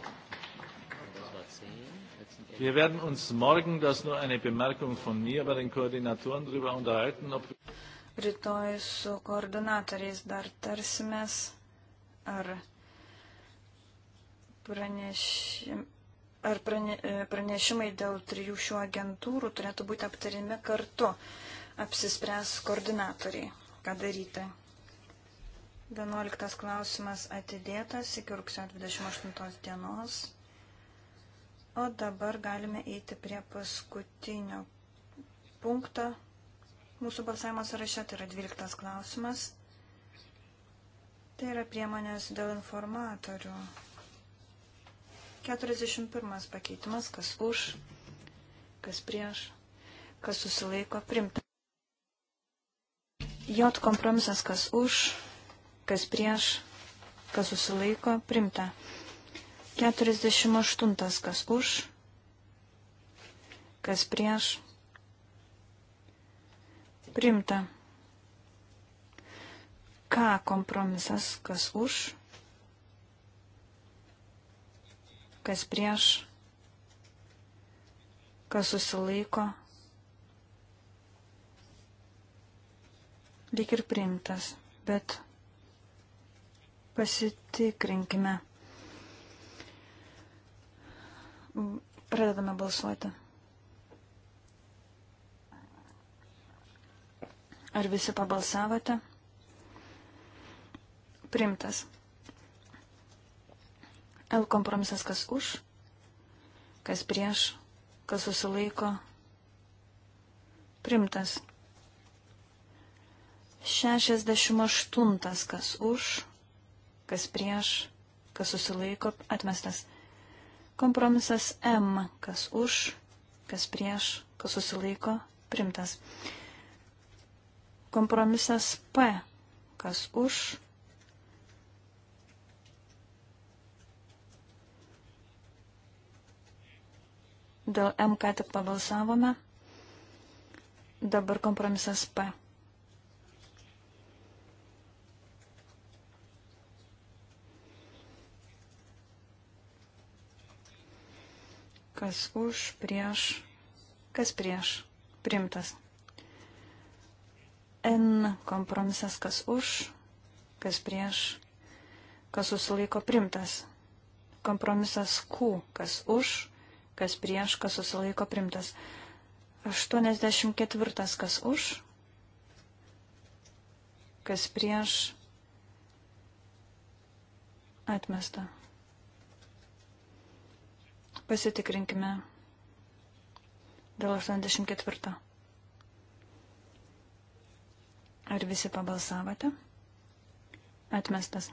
Wir werden uns morgen, das nur eine Bemerkung von mir, bei den Koordinatoren darüber unterhalten, ob. Rytoj su koordinatoriais dar tarsimės, ar pranešim, ar prane, e, pranešimai dėl trijų šių agentūrų turėtų būti aptarimi kartu, apsispręs koordinatoriai, ką daryti. 11 klausimas atidėtas iki rugsėjo 28 dienos. O dabar galime eiti prie paskutinio punkto mūsų balsavimo sąraše, tai yra 12 klausimas. Tai yra priemonės dėl informatorių. 41 pakeitimas, kas už, kas prieš, kas susilaiko, primta. J kompromisas, kas už, kas prieš, kas susilaiko, primta. 48, kas už, kas prieš, primta. K kompromisas, kas už, kas prieš, kas susilaiko, lyg ir priimtas, bet pasitikrinkime. Pradedame balsuoti. Ar visi pabalsavote? Primtas. L kompromisas kas už, kas prieš, kas susilaiko. Primtas. 68 kas už, kas prieš, kas susilaiko, atmestas. Kompromisas M, kas už, kas prieš, kas susilaiko, primtas. Kompromisas P, kas už, Dėl M ką tik pabalsavome. Dabar kompromisas P. Kas už, prieš, kas prieš, primtas. N kompromisas kas už, kas prieš, kas susilaiko primtas. Kompromisas Q kas už, kas prieš, kas susilaiko primtas. 84. Kas už, kas prieš, atmesta. Pasitikrinkime dėl 84. Ar visi pabalsavote? Atmestas.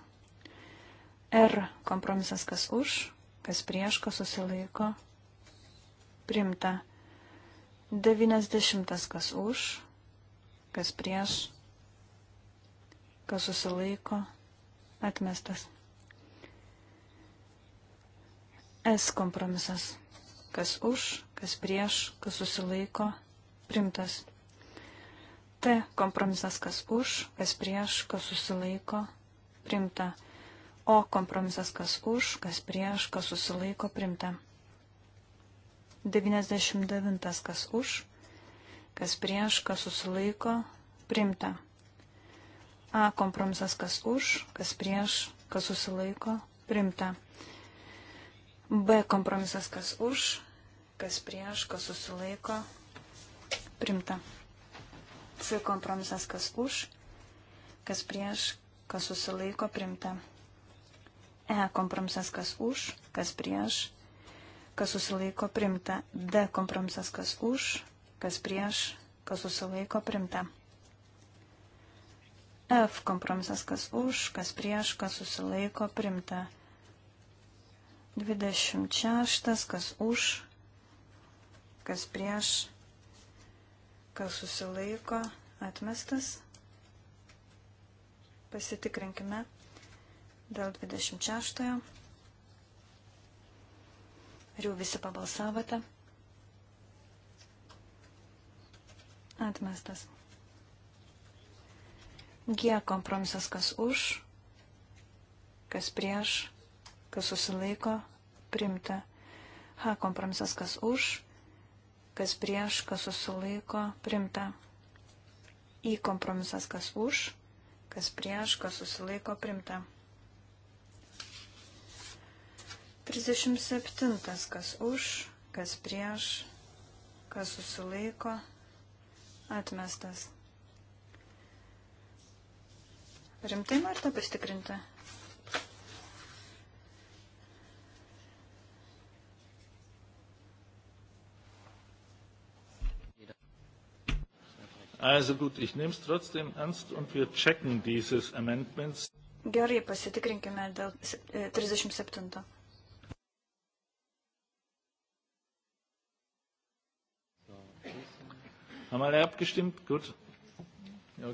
R kompromisas kas už, kas prieš, kas susilaiko, Primta. 90 kas už, kas prieš, kas susilaiko, atmestas. S kompromisas. Kas už, kas prieš, kas susilaiko, primtas. T kompromisas, kas už, kas prieš, kas susilaiko, primta. O kompromisas, kas už, kas prieš, kas susilaiko, primta. 99 kas už, kas prieš, kas susilaiko, primta. A kompromisas kas už, kas prieš, kas susilaiko, primta. B kompromisas kas už, kas prieš, kas susilaiko, primta. C kompromisas kas už, kas prieš, kas susilaiko, primta. E kompromisas kas už, kas prieš, kas susilaiko primta. D kompromisas, kas už, kas prieš, kas susilaiko primta. F kompromisas, kas už, kas prieš, kas susilaiko primta. 26, kas už, kas prieš, kas susilaiko, atmestas. Pasitikrinkime dėl 26. Ar jau visi pabalsavote? Atmestas. G kompromisas kas už, kas prieš, kas susilaiko, primta. H kompromisas kas už, kas prieš, kas susilaiko, primta. I kompromisas kas už, kas prieš, kas susilaiko, primta. 37. Kas už, kas prieš, kas susilaiko, atmestas. Rimtai Marta pastikrinti? Also gut, ich nehme es trotzdem ernst und wir checken dieses Amendments. Gerai, pasitikrinkime dėl 37. E, Haben alle abgestimmt? Gut. Ja.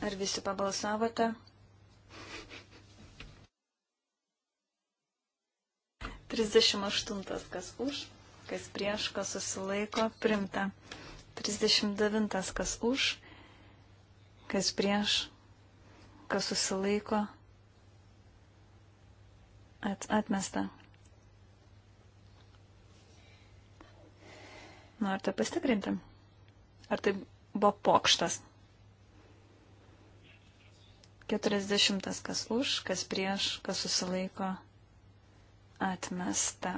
Ar visi pabalsavote? Trisdešimt aštuntas, kas už, kas prieš, kas susilaiko, primta. Trisdešimt devintas, kas už, kas prieš, kas susilaiko, at, atmesta. Norite pastikrinti? Ar tai buvo pokštas? 40. Kas už, kas prieš, kas susilaiko atmesta.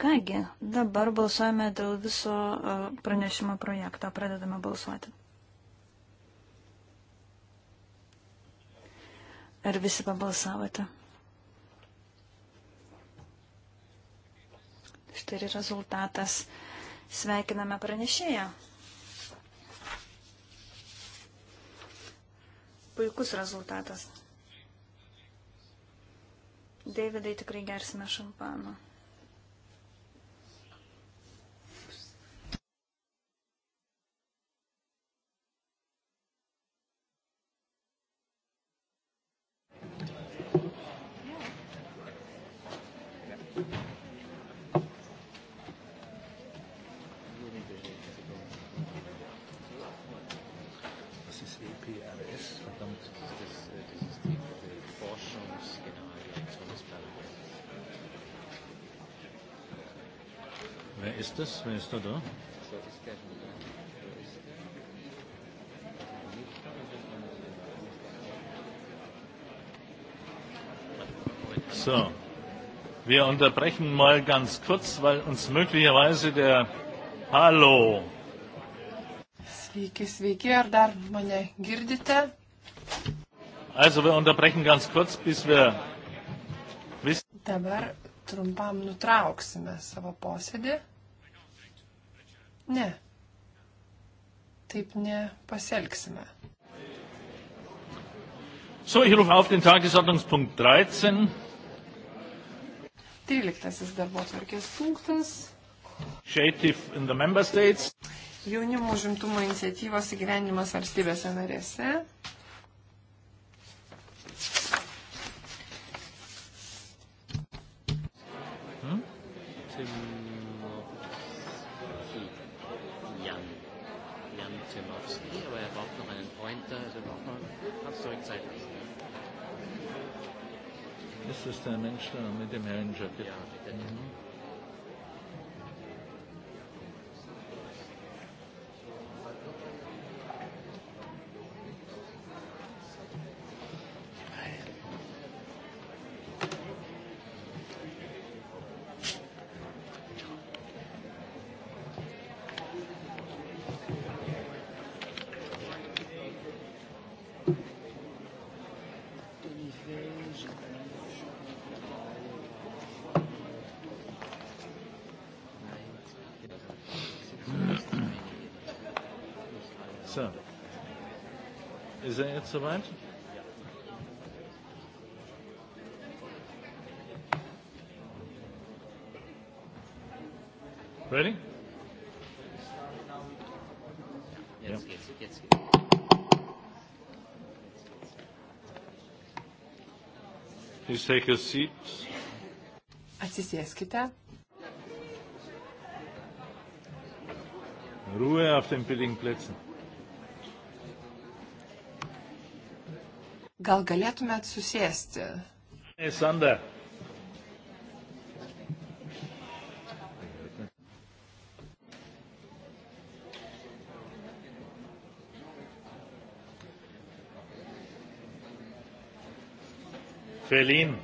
Kągi, dabar balsuojame dėl viso e, pranešimo projekto. Pradedame balsuoti. Ar visi pabalsavote? Štai ir rezultatas. Sveikiname pranešėją. puikus rezultatas. Davidai tikrai gersime šampaną. Wer ist das? Wer ist da da? So, wir unterbrechen mal ganz kurz, weil uns möglicherweise der Hallo. Sveiki, sveiki, ar dar mane girdite? Also, wir unterbrechen ganz kurz, bis wir wissen. Dabar trumpam nutrauksime savo posėdį. Ne. Taip nepasielgsime. So, ich rufe auf den Tagesordnungspunkt 13. 13 darbo tvarkės punktas. Initiative in the member states. Jaunimo žimtumo iniciatyvos įgyvenimas valstybėse narėse. das ist der Mensch da mit dem Herrn Jacket. Ja, mit er der Jacket. Mhm. soweit? Ready? Jetzt ja. geht's, jetzt geht's. Please take a seat. Atsisėskite. Ruhe auf den billigen Plätzen. Gal galėtumėt susėsti? Sanda. Felin,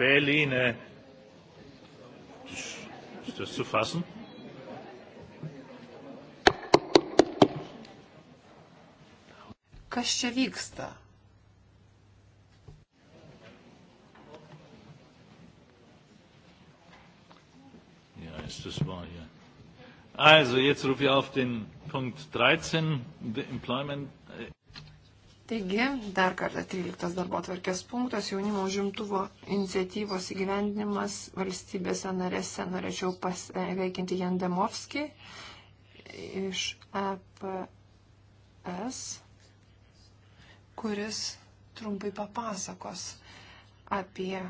Feline. Ist das zu fassen? Kas čia vyksta? Also, jetzt rufe ich auf den Punkt 13, the employment. Äh, Taigi, dar kartą 13 darbo tvarkės punktas jaunimo žimtuvo iniciatyvos įgyvendinimas valstybėse narėse. Norėčiau pasveikinti Jandemovskį iš EPS, kuris trumpai papasakos apie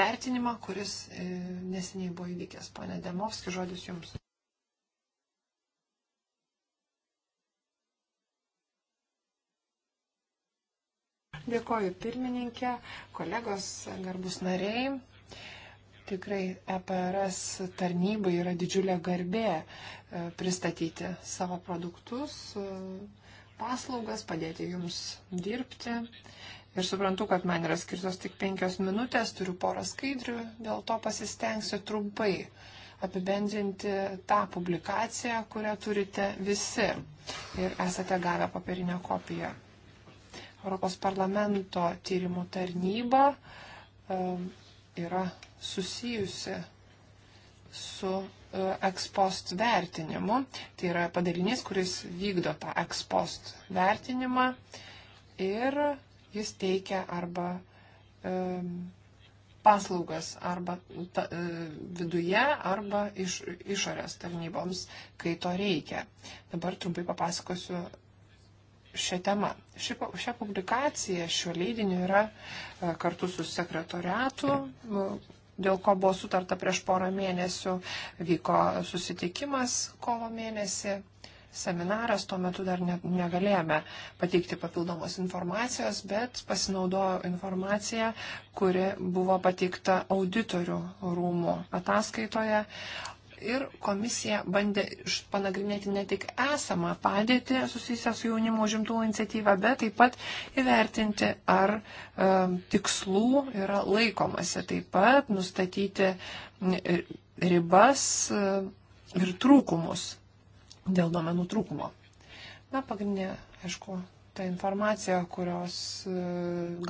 vertinimą, kuris e, neseniai buvo įvykęs. Pane Demovski, žodis jums. Dėkoju pirmininkė, kolegos, garbus nariai. Tikrai EPRS tarnybai yra didžiulė garbė e, pristatyti savo produktus, e, paslaugas, padėti jums dirbti. Ir suprantu, kad man yra skirtos tik penkios minutės, turiu porą skaidrių, dėl to pasistengsiu trumpai apibendrinti tą publikaciją, kurią turite visi ir esate gavę papirinę kopiją. Europos parlamento tyrimų tarnyba yra susijusi su ekspost vertinimu. Tai yra padalinys, kuris vykdo tą ekspost vertinimą ir jis teikia arba paslaugas arba ta, e, viduje, arba iš, išorės tarnyboms, kai to reikia. Dabar trumpai papasakosiu šią temą. Ši, šią publikaciją šiuo leidiniu yra e, kartu su sekretoriatu, dėl ko buvo sutarta prieš porą mėnesių, vyko susitikimas kovo mėnesį. Seminaras tuo metu dar ne, negalėjome pateikti papildomos informacijos, bet pasinaudojo informacija, kuri buvo pateikta auditorių rūmų ataskaitoje ir komisija bandė panagrinėti ne tik esamą padėtį susijusią su jaunimo užimtumo iniciatyva, bet taip pat įvertinti, ar e, tikslų yra laikomasi, taip pat nustatyti e, ribas e, ir trūkumus dėl duomenų trūkumo. Na, pagrindinė, aišku, ta informacija, kurios e,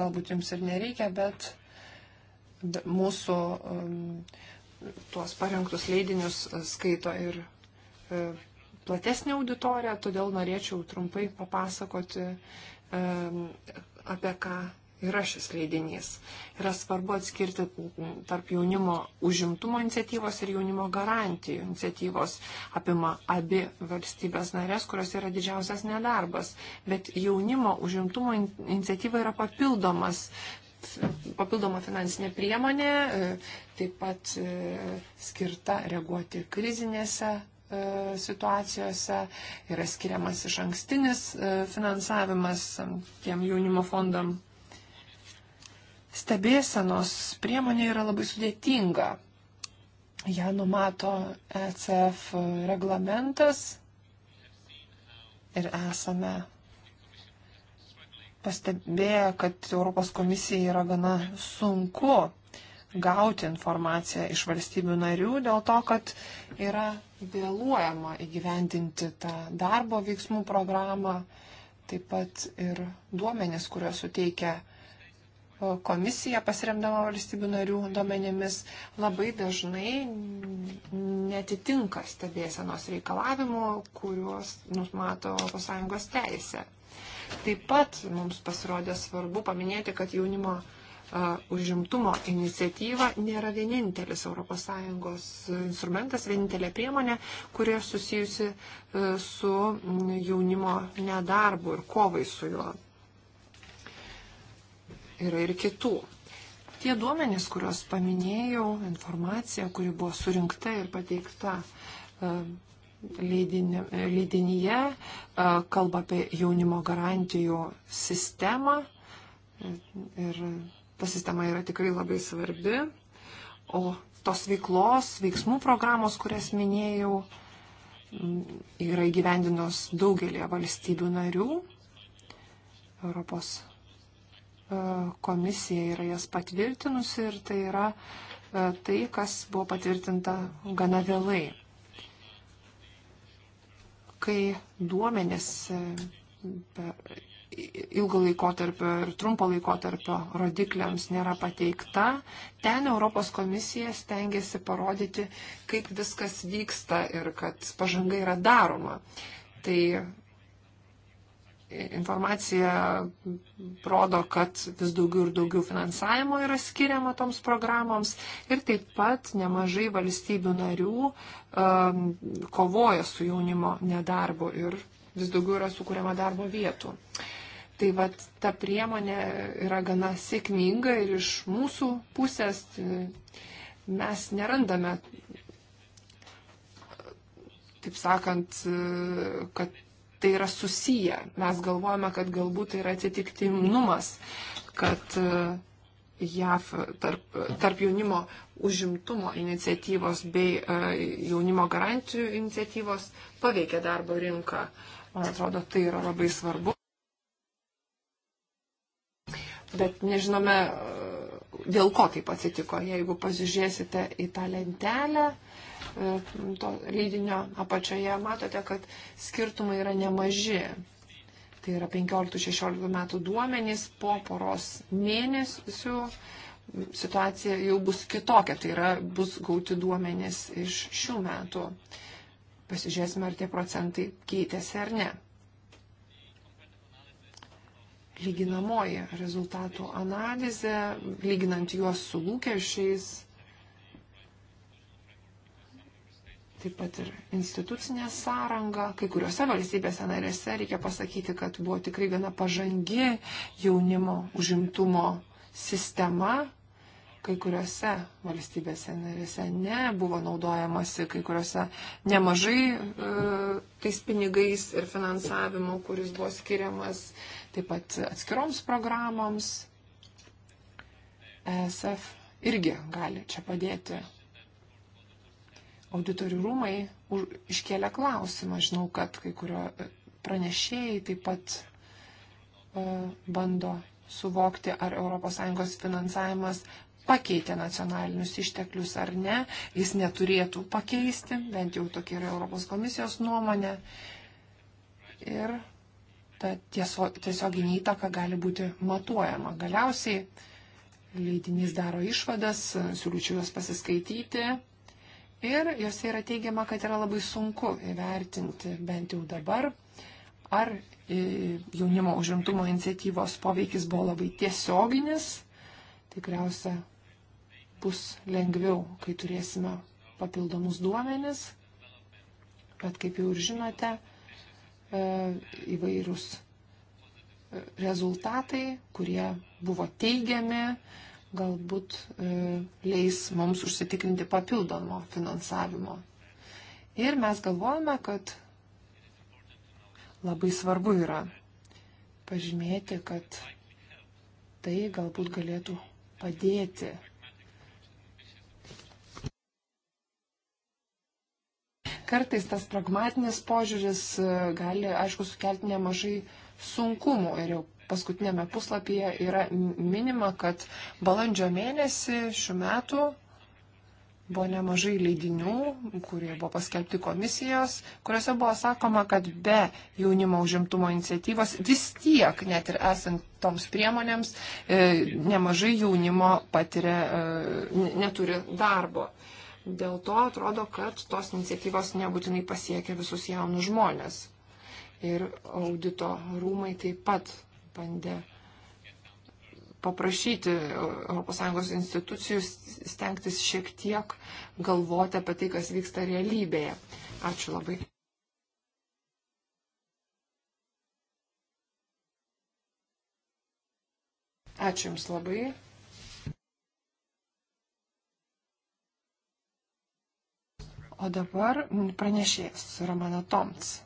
galbūt jums ir nereikia, bet mūsų um, tuos parengtus leidinius skaito ir e, platesnė auditorija, todėl norėčiau trumpai papasakoti e, apie ką yra šis leidinys. Yra svarbu atskirti tarp jaunimo užimtumo iniciatyvos ir jaunimo garantijų iniciatyvos. Apima abi valstybės narės, kurios yra didžiausias nedarbas. Bet jaunimo užimtumo iniciatyva yra papildomas papildoma finansinė priemonė, e, taip pat e, skirta reaguoti krizinėse e, situacijose, yra skiriamas iš ankstinis finansavimas tiem jaunimo fondam. Stebėsenos priemonė yra labai sudėtinga. Ja numato ECF reglamentas ir esame pastebėję, kad Europos komisija yra gana sunku gauti informaciją iš valstybių narių dėl to, kad yra vėluojama įgyvendinti tą darbo veiksmų programą, taip pat ir duomenis, kuriuos suteikia e, komisija pasiremdama valstybių narių duomenimis, labai dažnai netitinka stebėsenos reikalavimų, kuriuos numato ES teisė. Taip pat mums pasirodė svarbu paminėti, kad jaunimo užimtumo iniciatyva nėra vienintelis ES instrumentas, vienintelė priemonė, kurie susijusi e, su jaunimo nedarbu ir kovai su juo. Yra ir kitų. Tie duomenys, kuriuos paminėjau, informacija, kuri buvo surinkta ir pateikta e, leidinyje kalba apie jaunimo garantijų sistemą. Ir ta sistema yra tikrai labai svarbi. O tos veiklos, veiksmų programos, kurias minėjau, yra įgyvendinos daugelie valstybių narių. Europos komisija yra jas patvirtinusi ir tai yra tai, kas buvo patvirtinta gana vėlai kai duomenis e, ilgo laikotarpio ir trumpo laikotarpio rodikliams nėra pateikta, ten Europos komisija stengiasi parodyti, kaip viskas vyksta ir kad pažanga yra daroma. Tai informacija rodo, kad vis daugiau ir daugiau finansavimo yra skiriama toms programoms ir taip pat nemažai valstybių narių um, kovoja su jaunimo nedarbu ir vis daugiau yra sukūriama darbo vietų. Tai vat ta priemonė yra gana sėkminga ir iš mūsų pusės e, mes nerandame, taip sakant, e, kad tai yra susiję. Mes galvojame, kad galbūt tai yra atsitiktinumas, kad e, JAF tarp, tarp jaunimo užimtumo iniciatyvos bei e, jaunimo garantijų iniciatyvos paveikia darbo rinką. Man atrodo, tai yra labai svarbu. Bet nežinome, e, dėl ko taip atsitiko. Jeigu pasižiūrėsite į tą lentelę, E, to leidinio apačioje matote, kad skirtumai yra nemaži. Tai yra 15-16 metų duomenys po poros mėnesių situacija jau bus kitokia, tai yra bus gauti duomenys iš šių metų. Pasižiūrėsime, ar tie procentai keitėsi ar ne. Lyginamoji rezultatų analizė, lyginant juos su lūkesčiais taip pat ir institucinė sąranga. Kai kuriuose valstybėse narėse reikia pasakyti, kad buvo tikrai gana pažangi jaunimo užimtumo sistema. Kai kuriuose valstybėse narėse ne, buvo naudojamasi kai kuriuose nemažai e, tais pinigais ir finansavimu, kuris buvo skiriamas taip pat atskiroms programoms. ESF irgi gali čia padėti auditorių rūmai už, iškėlė klausimą. Žinau, kad kai kurio e, pranešėjai taip pat uh, bando suvokti, ar ES finansavimas pakeitė nacionalinius išteklius ar ne. Jis neturėtų pakeisti, bent jau tokia yra Europos komisijos nuomonė. Ir ta tieso, tiesioginė įtaka gali būti matuojama. Galiausiai leidinys daro išvadas, siūlyčiau juos pasiskaityti Ir jose yra teigiama, kad yra labai sunku įvertinti bent jau dabar, ar e, jaunimo užimtumo iniciatyvos poveikis buvo labai tiesioginis. Tikriausia, bus lengviau, kai turėsime papildomus duomenis. Bet kaip jau ir žinote, e, įvairūs e, rezultatai, kurie buvo teigiami, galbūt e, leis mums užsitikrinti papildomo finansavimo. Ir mes galvojame, kad labai svarbu yra pažymėti, kad tai galbūt galėtų padėti. Kartais tas pragmatinis požiūris e, gali, aišku, sukelti nemažai sunkumų ir jau paskutinėme puslapyje yra minima, kad balandžio mėnesį šių metų buvo nemažai leidinių, kurie buvo paskelbti komisijos, kuriuose buvo sakoma, kad be jaunimo užimtumo iniciatyvos vis tiek, net ir esant toms priemonėms, e, nemažai jaunimo patiria, e, neturi darbo. Dėl to atrodo, kad tos iniciatyvos nebūtinai pasiekia visus jaunus žmonės. Ir audito rūmai taip pat bandė paprašyti ES institucijų stengtis šiek tiek galvoti apie tai, kas vyksta realybėje. Ačiū labai. Ačiū Jums labai. O dabar pranešėjas Romana Toms.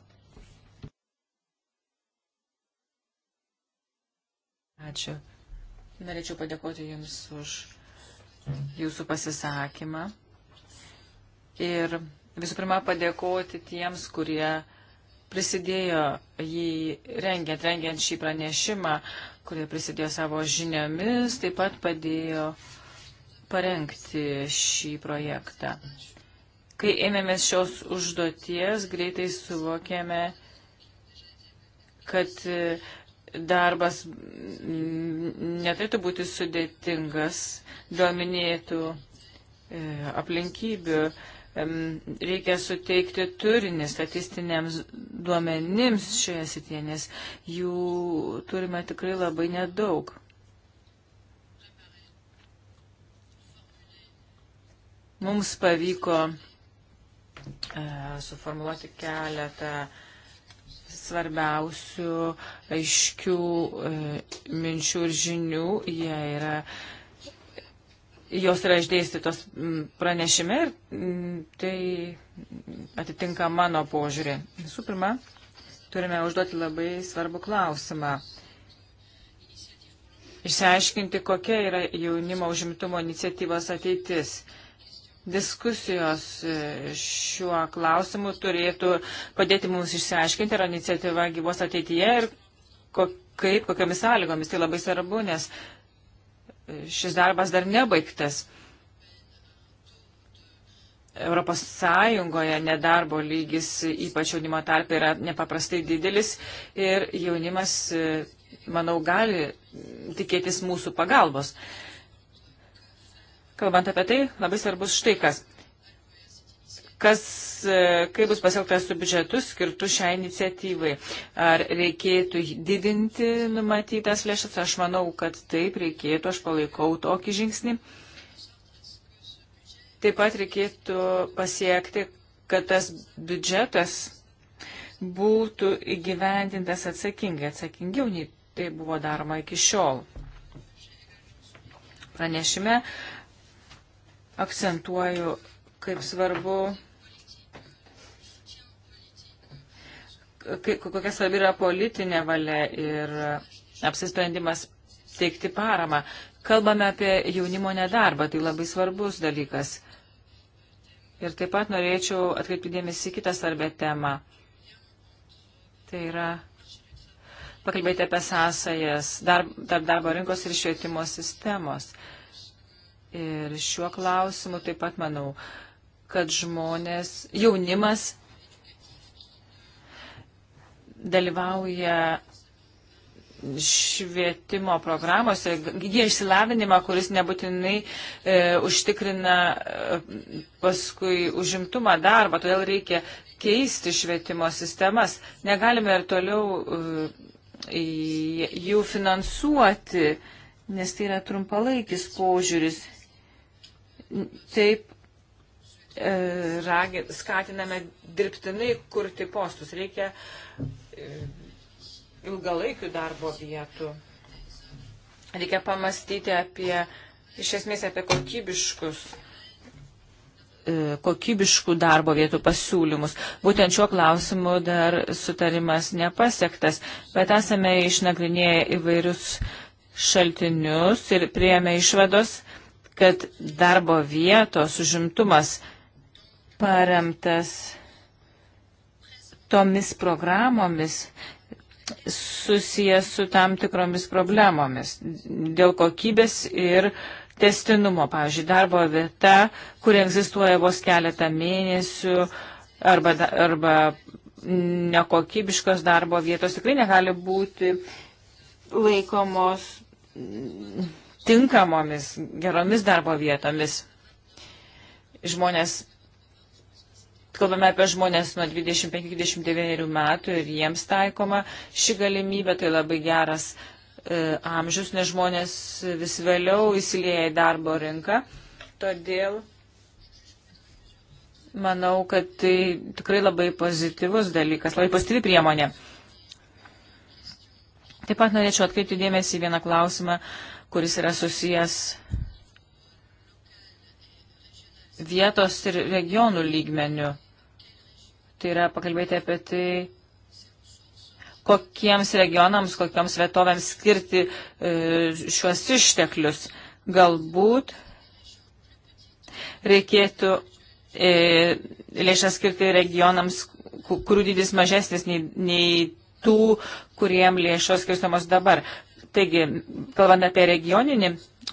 Ačiū. Norėčiau padėkoti Jums už Jūsų pasisakymą. Ir visų pirma, padėkoti tiems, kurie prisidėjo jį rengiant, rengiant šį pranešimą, kurie prisidėjo savo žiniomis, taip pat padėjo parengti šį projektą. Kai ėmėmės šios užduoties, greitai suvokėme, kad darbas neturėtų būti sudėtingas dėl minėtų e, aplinkybių. Reikia suteikti turinį statistiniams duomenims šioje sityje, nes jų turime tikrai labai nedaug. Mums pavyko e, suformuoluoti keletą uh, svarbiausių aiškių e, minčių ir žinių. Jie yra, jos yra išdėstytos pranešime ir tai atitinka mano požiūrį. Visų pirma, turime užduoti labai svarbų klausimą. Išsiaiškinti, kokia yra jaunimo užimtumo iniciatyvos ateitis. E, diskusijos e, šiuo klausimu turėtų padėti mums išsiaiškinti, ar iniciatyva gyvos ateityje ir ko, kaip, kokiamis sąlygomis. Tai labai svarbu, nes e, šis darbas dar nebaigtas. Europos Sąjungoje nedarbo lygis, ypač jaunimo tarp, yra nepaprastai didelis ir jaunimas, e, manau, gali tikėtis mūsų pagalbos. Uh, Kalbant apie tai, labai svarbus štai kas. Kas, e, kaip bus pasielgtas su biudžetu skirtu šią iniciatyvai? Ar reikėtų didinti numatytas lėšas? Aš manau, kad taip reikėtų, aš palaikau tokį žingsnį. Taip pat reikėtų pasiekti, kad tas biudžetas būtų įgyvendintas atsakingai, atsakingiau nei tai buvo daroma iki šiol. Pranešime akcentuoju, kaip svarbu, kaip, kokia svarbi yra politinė valia ir apsisprendimas teikti paramą. Kalbame apie jaunimo nedarbą, tai labai svarbus dalykas. Ir taip pat norėčiau atkreipti dėmesį kitą svarbę temą. Tai yra pakalbėti apie sąsajas tarp darb, darbo rinkos ir švietimo sistemos. Uh, Ir šiuo klausimu taip pat manau, kad žmonės, jaunimas dalyvauja švietimo programuose, jie išsilavinimą, kuris nebūtinai e, užtikrina e, paskui užimtumą darbą, todėl reikia keisti švietimo sistemas. Negalime ir toliau e, jų finansuoti, nes tai yra trumpalaikis požiūris. Taip e, ragi, skatiname dirbtinai kurti postus. Reikia e, ilgalaikių darbo vietų. Reikia pamastyti apie, iš esmės, apie kokybiškus e, kokybiškų darbo vietų pasiūlymus. Būtent šiuo klausimu dar sutarimas nepasiektas, bet esame išnagrinėję įvairius šaltinius ir prieėmė išvados, kad darbo vietos užimtumas paremtas tomis programomis susijęs su tam tikromis problemomis dėl kokybės ir testinumo. Pavyzdžiui, darbo vieta, kuri egzistuoja vos keletą mėnesių arba, arba nekokybiškos darbo vietos tikrai negali būti laikomos tinkamomis, geromis darbo vietomis. Žmonės, kalbame apie žmonės nuo 25-29 metų ir jiems taikoma ši galimybė, tai labai geras e, amžius, nes žmonės vis vėliau įsilieja į darbo rinką. Todėl manau, kad tai tikrai labai pozityvus dalykas, labai pozityvi priemonė. Taip pat norėčiau atkreipti dėmesį į vieną klausimą, e, kuris yra susijęs vietos ir regionų lygmenių. Tai yra pakalbėti apie tai, kokiems regionams, kokioms vietovėms skirti e, šiuos išteklius. Galbūt reikėtų e, lėšas skirti regionams, kurių dydis mažesnis nei, nei tų, kuriem lėšos skirstamos dabar. Taigi, kalbant apie regioninį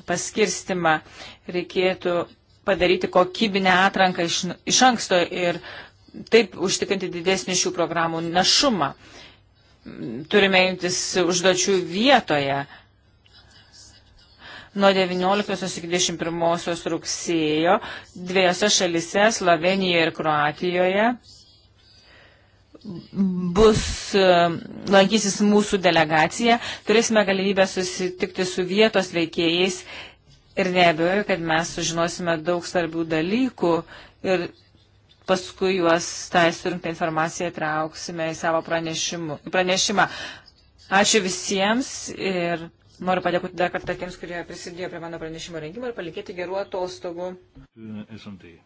paskirstimą, reikėtų padaryti kokybinę atranką iš, iš anksto ir taip užtikrinti didesnį šių programų našumą. Turime imtis užduočių vietoje. Nuo 19 iki 21 rugsėjo dviejose šalise, Slovenijoje ir Kroatijoje, bus, e, lankysis mūsų delegacija, turėsime galimybę susitikti su vietos veikėjais ir nebejoju, kad mes sužinosime daug svarbių dalykų ir paskui juos tą surinktą informaciją trauksime į savo pranešimą. Ačiū visiems ir noriu padėkoti dar kartą tiems, kurie prisidėjo prie mano pranešimo rengimo ir palikėti gerų atostogų. SMT.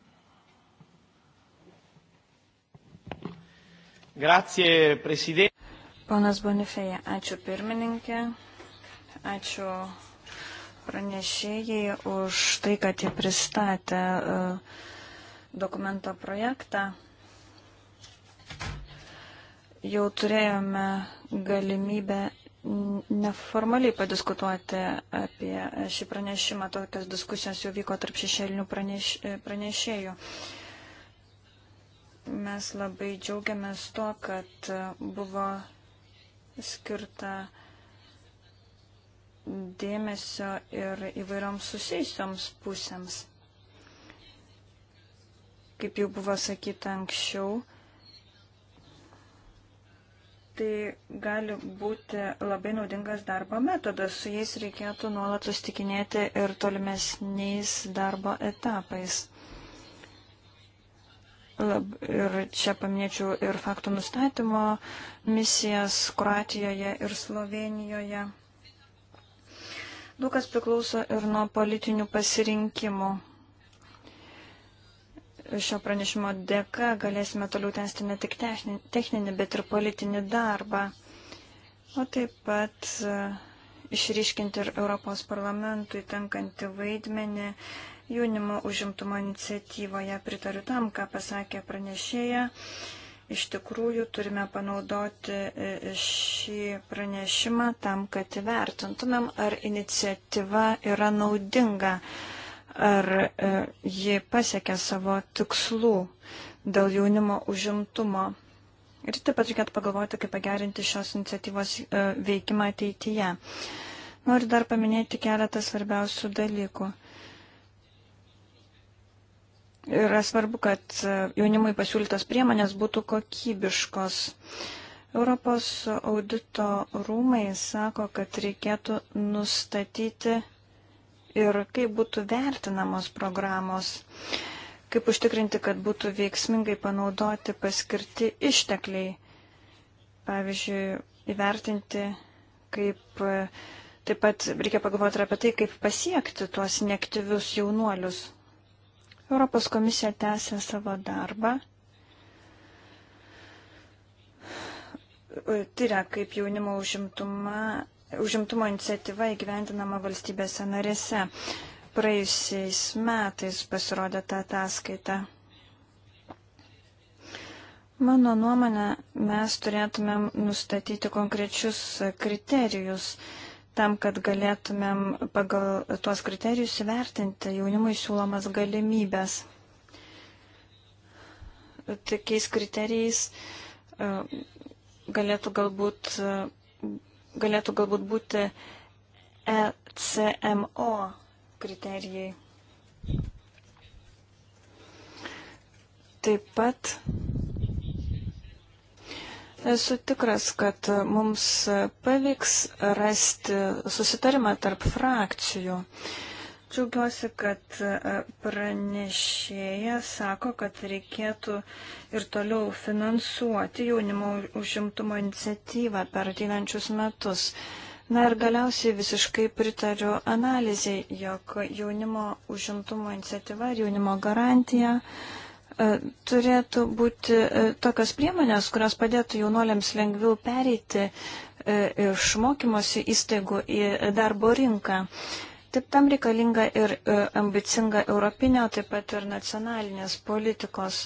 Grazie, prezidentė. Ponas Bonifeja, ačiū pirmininkė, ačiū pranešėjai už tai, kad jie pristatė e, dokumento projektą. Jau turėjome galimybę neformaliai padiskutuoti apie šį pranešimą, tokios diskusijos jau vyko tarp šešėlinių praneš, pranešėjų. pranešėjų. Mes labai džiaugiamės tuo, kad buvo skirta dėmesio ir įvairioms susijusioms pusėms. Kaip jau buvo sakyta anksčiau, tai gali būti labai naudingas darbo metodas, su jais reikėtų nuolat susitikinėti ir tolimesniais darbo etapais. Lab, ir čia paminėčiau ir faktų nustatymo misijas Kroatijoje ir Slovenijoje. Daug kas priklauso ir nuo politinių pasirinkimų. Šio pranešimo dėka galėsime toliau tęsti ne tik techninį, bet ir politinį darbą, o taip pat e, išryškinti ir Europos parlamentui tenkantį vaidmenį jaunimo užimtumo iniciatyvoje. Pritariu tam, ką pasakė pranešėja. Iš tikrųjų, turime panaudoti e, e, šį pranešimą tam, kad įvertintumėm, ar iniciatyva yra naudinga, ar e, ji pasiekia savo tikslų dėl jaunimo užimtumo. Ir taip pat reikėtų pagalvoti, kaip pagerinti šios iniciatyvos veikimą ateityje. Noriu dar paminėti keletą svarbiausių dalykų yra svarbu, kad jaunimui pasiūlytos priemonės būtų kokybiškos. Europos audito rūmai sako, kad reikėtų nustatyti ir kaip būtų vertinamos programos, kaip užtikrinti, kad būtų veiksmingai panaudoti paskirti ištekliai. Pavyzdžiui, įvertinti, kaip taip pat reikia pagalvoti apie tai, kaip pasiekti tuos neaktyvius jaunuolius, Europos komisija tęsia savo darbą. Tyria, kaip jaunimo užimtuma, užimtumo iniciatyva įgyvendinama valstybėse narėse. Praėjusiais metais pasirodė tą ataskaitą. Mano nuomonė, mes turėtumėm nustatyti konkrečius kriterijus, uh, tam, kad galėtumėm pagal tuos kriterijus įvertinti jaunimui siūlomas galimybės. Tokiais kriterijais e, galėtų galbūt, e, galėtų galbūt būti ECMO kriterijai. Taip pat Esu tikras, kad mums pavyks rasti susitarimą tarp frakcijų. Džiaugiuosi, kad e, pranešėja sako, kad reikėtų ir toliau finansuoti jaunimo užimtumo iniciatyvą per ateinančius metus. Na ir galiausiai visiškai pritariu analizai, jog jaunimo užimtumo iniciatyva ir jaunimo garantija E, turėtų būti e, tokios priemonės, kurios padėtų jaunuoliams lengviau pereiti e, iš mokymosi įstaigų į darbo rinką. Taip tam reikalinga ir ambicinga europinio, taip pat ir nacionalinės politikos.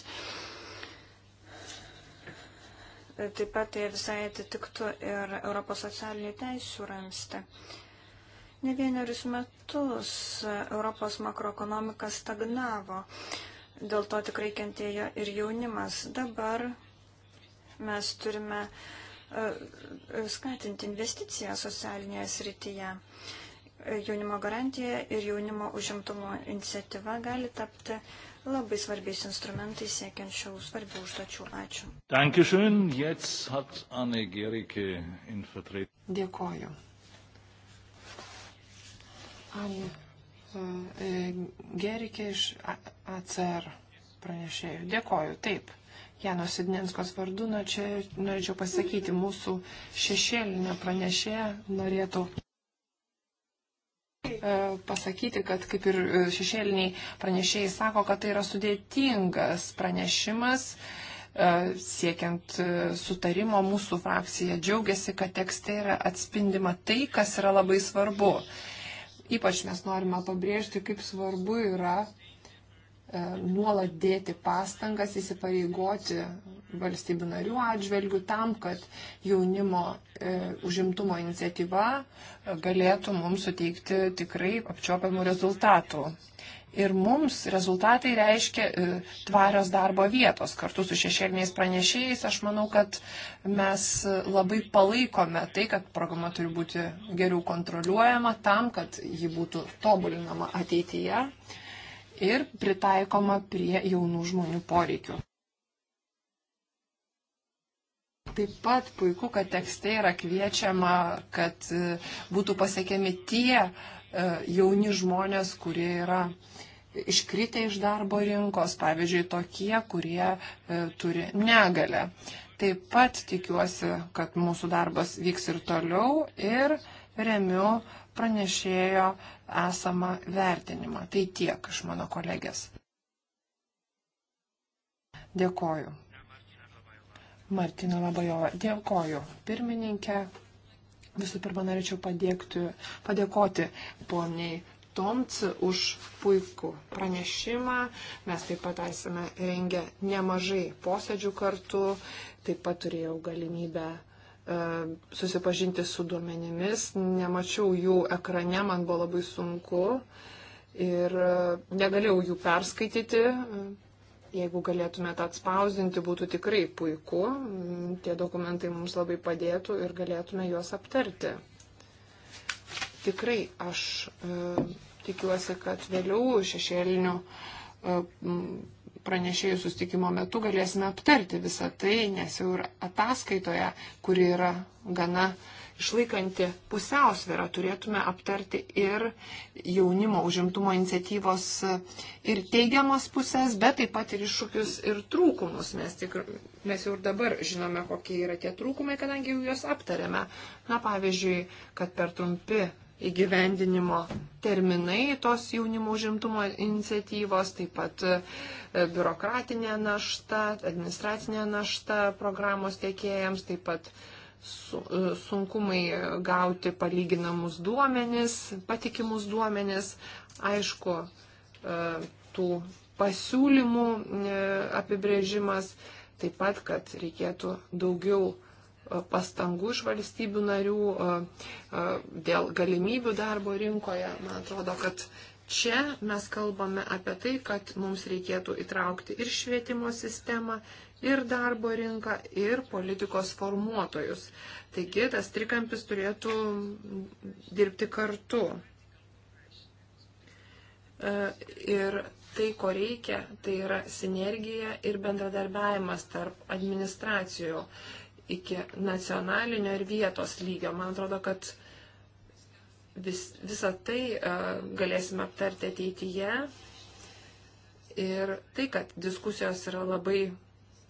Taip pat tai visai atitiktų ir Europos socialinių teisų ramstį. Ne vienerius metus Europos makroekonomika stagnavo. Uh, dėl to tikrai kentėjo ir jaunimas. Dabar mes turime e, skatinti investiciją socialinėje srityje. Jaunimo garantija ir jaunimo užimtumo iniciatyva gali tapti labai svarbiais instrumentais siekiant šių svarbių užduočių. Ačiū. Dankeschön. Jetzt hat Anne Gericke in Vertretung. Dėkoju. Anne E, Gerikė iš ACR pranešėjų. Dėkoju. Taip. Jano Sidnenskos vardu, na čia norėčiau pasakyti, mūsų šešėlinė pranešėja norėtų e, pasakyti, kad kaip ir e, šešėliniai pranešėjai sako, kad tai yra sudėtingas pranešimas siekiant sutarimo mūsų frakcija džiaugiasi, kad tekste yra atspindima tai, kas yra labai svarbu. Ypač mes norime pabrėžti, kaip svarbu yra e, nuolat dėti pastangas, įsipareigoti valstybių narių atžvelgių tam, kad jaunimo e, užimtumo iniciatyva e, galėtų mums suteikti tikrai apčiopiamų rezultatų ir mums rezultatai reiškia e, tvarios darbo vietos. Kartu su šešėliniais pranešėjais aš manau, kad mes e, labai palaikome tai, kad programa turi būti geriau kontroliuojama tam, kad ji būtų tobulinama ateityje ir pritaikoma prie jaunų žmonių poreikių. Taip pat puiku, kad tekste yra kviečiama, kad e, būtų pasiekiami tie jauni žmonės, kurie yra uh, iškritę iš darbo rinkos, pavyzdžiui, tokie, kurie e, turi negalę. Taip pat tikiuosi, kad mūsų darbas vyks ir toliau ir remiu pranešėjo esamą vertinimą. Tai tiek iš mano kolegės. Dėkoju. Martina Labajova, dėkoju. Pirmininkė, visų pirma, norėčiau padėkti, padėkoti poniai Tomts už puikų pranešimą. Mes taip pat esame rengę nemažai posėdžių kartu, taip pat turėjau galimybę e, susipažinti su duomenimis, nemačiau jų ekrane, man buvo labai sunku ir e, negalėjau jų perskaityti. Jeigu galėtumėte atspausdinti, būtų tikrai puiku. Mm, tie dokumentai mums labai padėtų ir galėtume juos aptarti. Tikrai aš e, Tikiuosi, kad vėliau šešėlinių e, pranešėjų sustikimo metu galėsime aptarti visą tai, nes jau ir ataskaitoje, kuri yra gana išlaikanti pusiausvėrą, turėtume aptarti ir jaunimo užimtumo iniciatyvos ir teigiamas pusės, bet taip pat ir iššūkius ir trūkumus. Mes, tik, mes jau ir dabar žinome, kokie yra tie trūkumai, kadangi jau juos aptarėme. Na, pavyzdžiui, kad per trumpi įgyvendinimo terminai tos jaunimo užimtumo iniciatyvos, taip pat e, biurokratinė našta, administracinė našta programos tiekėjams, taip pat su, e, sunkumai gauti palyginamus duomenis, patikimus duomenis. Aišku, e, tų pasiūlymų apibrėžimas, taip pat, kad reikėtų daugiau pastangų iš valstybių narių, dėl galimybių darbo rinkoje. Man atrodo, kad čia mes kalbame apie tai, kad mums reikėtų įtraukti ir švietimo sistemą, ir darbo rinką, ir politikos formuotojus. Taigi tas trikampis turėtų dirbti kartu. E, ir tai, ko reikia, tai yra sinergija ir bendradarbiavimas tarp administracijų iki nacionalinio ir vietos lygio. Man atrodo, kad vis, visą tai uh, galėsime aptarti ateityje. Ir tai, kad diskusijos yra labai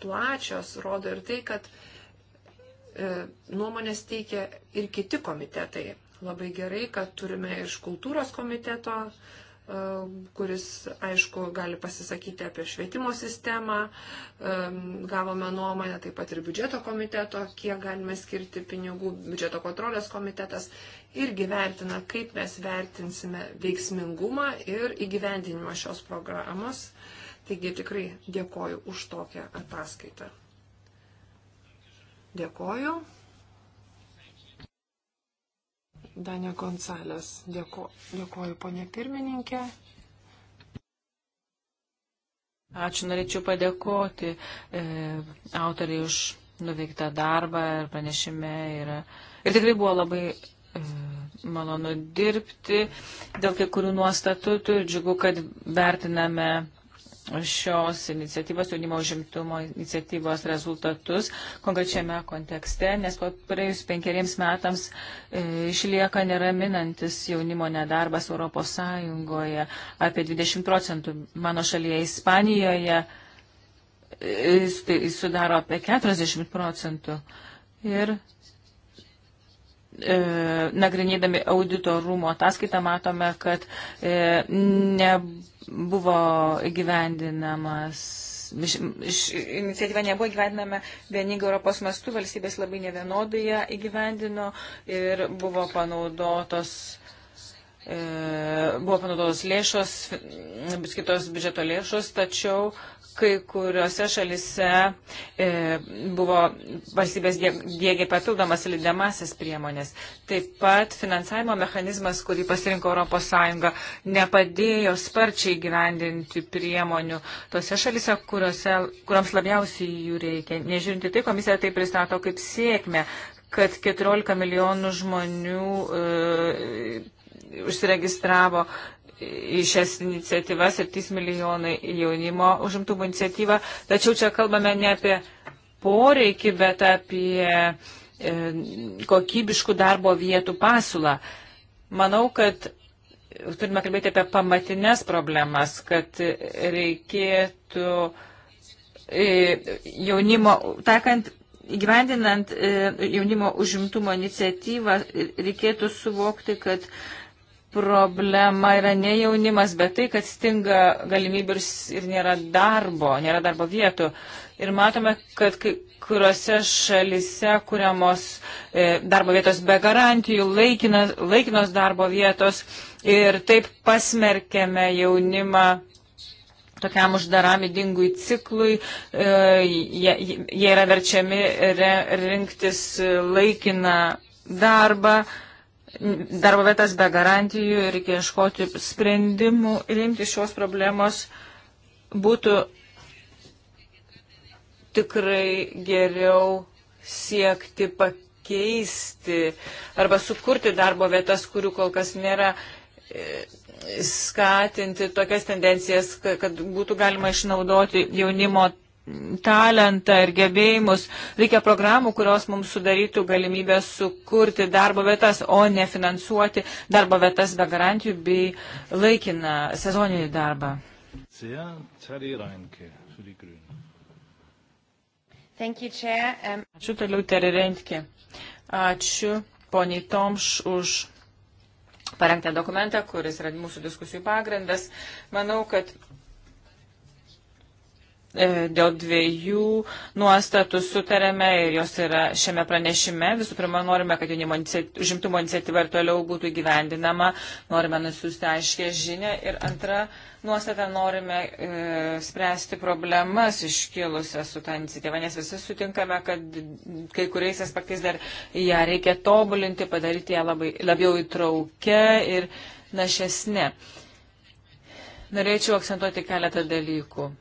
plačios, rodo ir tai, kad uh, nuomonės teikia ir kiti komitetai. Labai gerai, kad turime iš kultūros komiteto uh, kuris, aišku, gali pasisakyti apie švietimo sistemą. Gavome nuomonę taip pat ir biudžeto komiteto, kiek galime skirti pinigų. Biudžeto kontrolės komitetas irgi vertina, kaip mes vertinsime veiksmingumą ir įgyvendinimą šios programos. Taigi tikrai dėkoju už tokią ataskaitą. Dėkoju. Danė Gonzalės. Dėko, dėkoju, ponė pirmininkė. Ačiū, norėčiau padėkoti e, autoriai už nuveiktą darbą ir pranešime. Yra... Ir tikrai buvo labai e, malonu dirbti dėl kai kurių nuostatų ir džiugu, kad vertiname šios iniciatyvos, jaunimo užimtumo iniciatyvos rezultatus konkrečiame kontekste, nes po praėjus penkeriems metams e, išlieka neraminantis jaunimo nedarbas Europos Sąjungoje apie 20 procentų. Mano šalyje Ispanijoje jis e, e, sudaro apie 40 procentų. Ir e, nagrinėdami audito rūmo ataskaitą matome, kad e, ne buvo įgyvendinamas. Iš, iš, iniciatyva nebuvo įgyvendinama vieningai Europos mastu, valstybės labai nevienodai ją įgyvendino ir buvo panaudotos, e, buvo panaudotos lėšos, kitos biudžeto lėšos, tačiau kai kuriuose šalise e, buvo valstybės dėgė papildomas lydemasis priemonės. Taip pat finansavimo mechanizmas, kurį pasirinko ES, nepadėjo sparčiai gyvendinti priemonių tose šalise, kuriuose, kuriams labiausiai jų reikia. Nežiūrinti tai, komisija tai pristato kaip sėkmę kad 14 milijonų žmonių e, užsiregistravo į šias iniciatyvas 7 milijonai jaunimo užimtumo iniciatyvą. Tačiau čia kalbame ne apie poreikį, bet apie e, kokybiškų darbo vietų pasiūlą. Manau, kad turime kalbėti apie pamatinės problemas, kad reikėtų e, jaunimo, takant Įgyvendinant e, jaunimo užimtumo iniciatyvą reikėtų suvokti, kad problema yra ne jaunimas, bet tai, kad stinga galimybių ir nėra darbo, nėra darbo vietų. Ir matome, kad kai kuriuose šalise kuriamos e, darbo vietos be garantijų, laikinas, laikinos darbo vietos ir taip pasmerkėme jaunimą tokiam uždaram įdingui ciklui, e, jie, jie yra verčiami re, rinktis laikiną darbą. E, darbo vietas be garantijų, reikia ieškoti sprendimų ir imti šios problemos būtų tikrai geriau siekti pakeisti arba sukurti darbo vietas, kurių kol kas nėra e, skatinti tokias tendencijas, kad būtų galima išnaudoti jaunimo talentą ir gebėjimus. Reikia programų, kurios mums sudarytų galimybę sukurti darbo vietas, o ne finansuoti darbo vietas be garantijų bei laikiną sezoninį darbą. Um, Ačiū toliau, Terė Rentke. Ačiū poniai Tomš už parengtą dokumentą, kuris yra mūsų diskusijų pagrindas. Manau, kad E, dėl dviejų nuostatų sutarėme ir jos yra šiame pranešime. Visų pirma, norime, kad jaunimo užimtumo iniciatyva ir toliau būtų gyvendinama, norime nusiųsti aiškę žinę ir antra nuostata norime e, spręsti problemas iškilusias su tą iniciatyvą, nes visi sutinkame, kad kai kuriais aspektais dar ją reikia tobulinti, padaryti ją labai, labiau įtraukę ir našesnė. Norėčiau akcentuoti keletą dalykų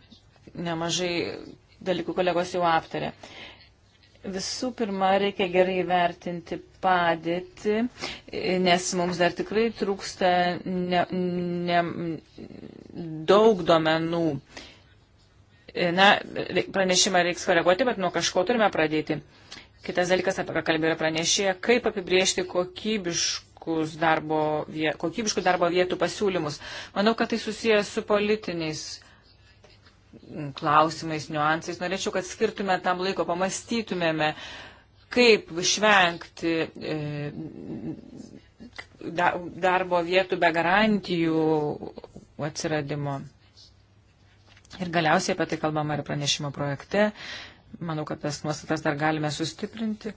nemažai dalykų kolegos jau aptarė. Visų pirma, reikia gerai vertinti padėtį, nes mums dar tikrai trūksta ne, ne, daug duomenų. Na, pranešimą reiks koreguoti, bet nuo kažko turime pradėti. Kitas dalykas, apie ką kalbėjo pranešėja, kaip apibriežti kokybiškus darbo, kokybiškų darbo vietų pasiūlymus. Manau, kad tai susijęs su politiniais klausimais, niuansais. Norėčiau, kad skirtume tam laiko, pamastytumėme, kaip išvengti e, darbo vietų be garantijų atsiradimo. Ir galiausiai apie tai kalbama ir pranešimo projekte. Manau, kad tas nuostatas dar galime sustiprinti.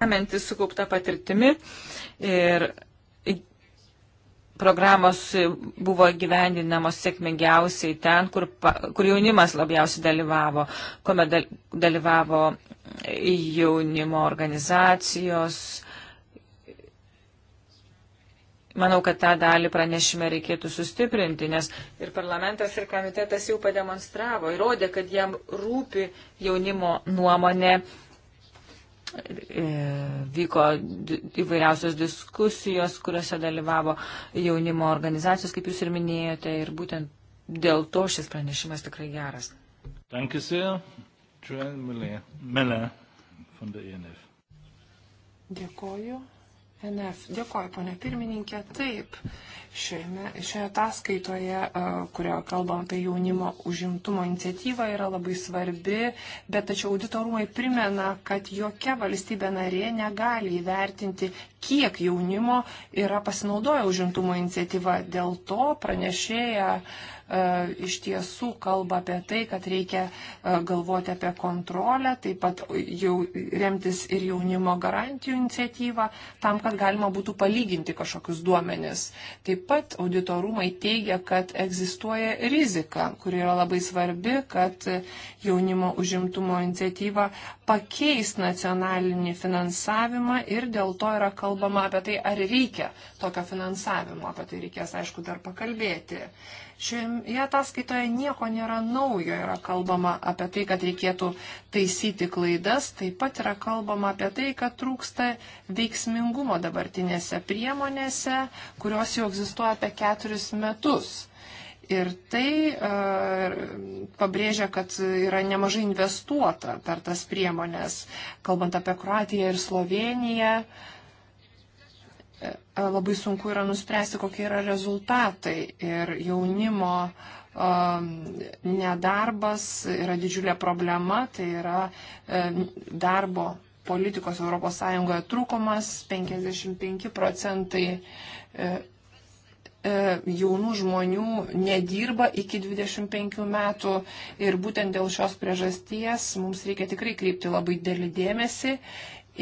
Remiantis sukaupta patirtimi ir programos buvo gyvendinamos sėkmingiausiai ten, kur, kur jaunimas labiausiai dalyvavo, kuomet dalyvavo jaunimo organizacijos. Manau, kad tą dalį pranešime reikėtų sustiprinti, nes ir parlamentas, ir komitetas jau pademonstravo, įrodė, kad jam rūpi jaunimo nuomonė E, vyko įvairiausios diskusijos, kuriuose dalyvavo jaunimo organizacijos, kaip jūs ir minėjote, ir būtent dėl to šis pranešimas tikrai geras. E Dėkoju, e NF. Dėkoju, ponė pirmininkė. Taip, Šiame, šioje ataskaitoje, e, kurioje kalbam apie jaunimo užimtumo iniciatyvą, yra labai svarbi, bet tačiau auditorumai primena, kad jokia valstybė narė negali įvertinti kiek jaunimo yra pasinaudoję užimtumo iniciatyva. Dėl to pranešėja e, iš tiesų kalba apie tai, kad reikia e, galvoti apie kontrolę, taip pat jau remtis ir jaunimo garantijų iniciatyvą, tam, kad galima būtų palyginti kažkokius duomenis. Taip pat auditorumai teigia, kad egzistuoja rizika, kuri yra labai svarbi, kad jaunimo užimtumo iniciatyva pakeis nacionalinį finansavimą ir dėl to yra kalba kalbama apie tai, ar reikia tokio finansavimo, apie tai reikės, aišku, dar pakalbėti. Šioje ataskaitoje nieko nėra naujo, yra kalbama apie tai, kad reikėtų taisyti klaidas, taip pat yra kalbama apie tai, kad trūksta veiksmingumo dabartinėse priemonėse, kurios jau egzistuoja apie keturis metus. Ir tai uh, pabrėžia, kad yra nemažai investuota per tas priemonės, kalbant apie Kroatiją ir Sloveniją. Uh, E, labai sunku yra nuspręsti, kokie yra rezultatai. Ir jaunimo um, nedarbas yra didžiulė problema, tai yra e, darbo politikos ES trūkumas, 55 procentai e, jaunų žmonių nedirba iki 25 metų ir būtent dėl šios priežasties mums reikia tikrai kreipti labai dėlį dėmesį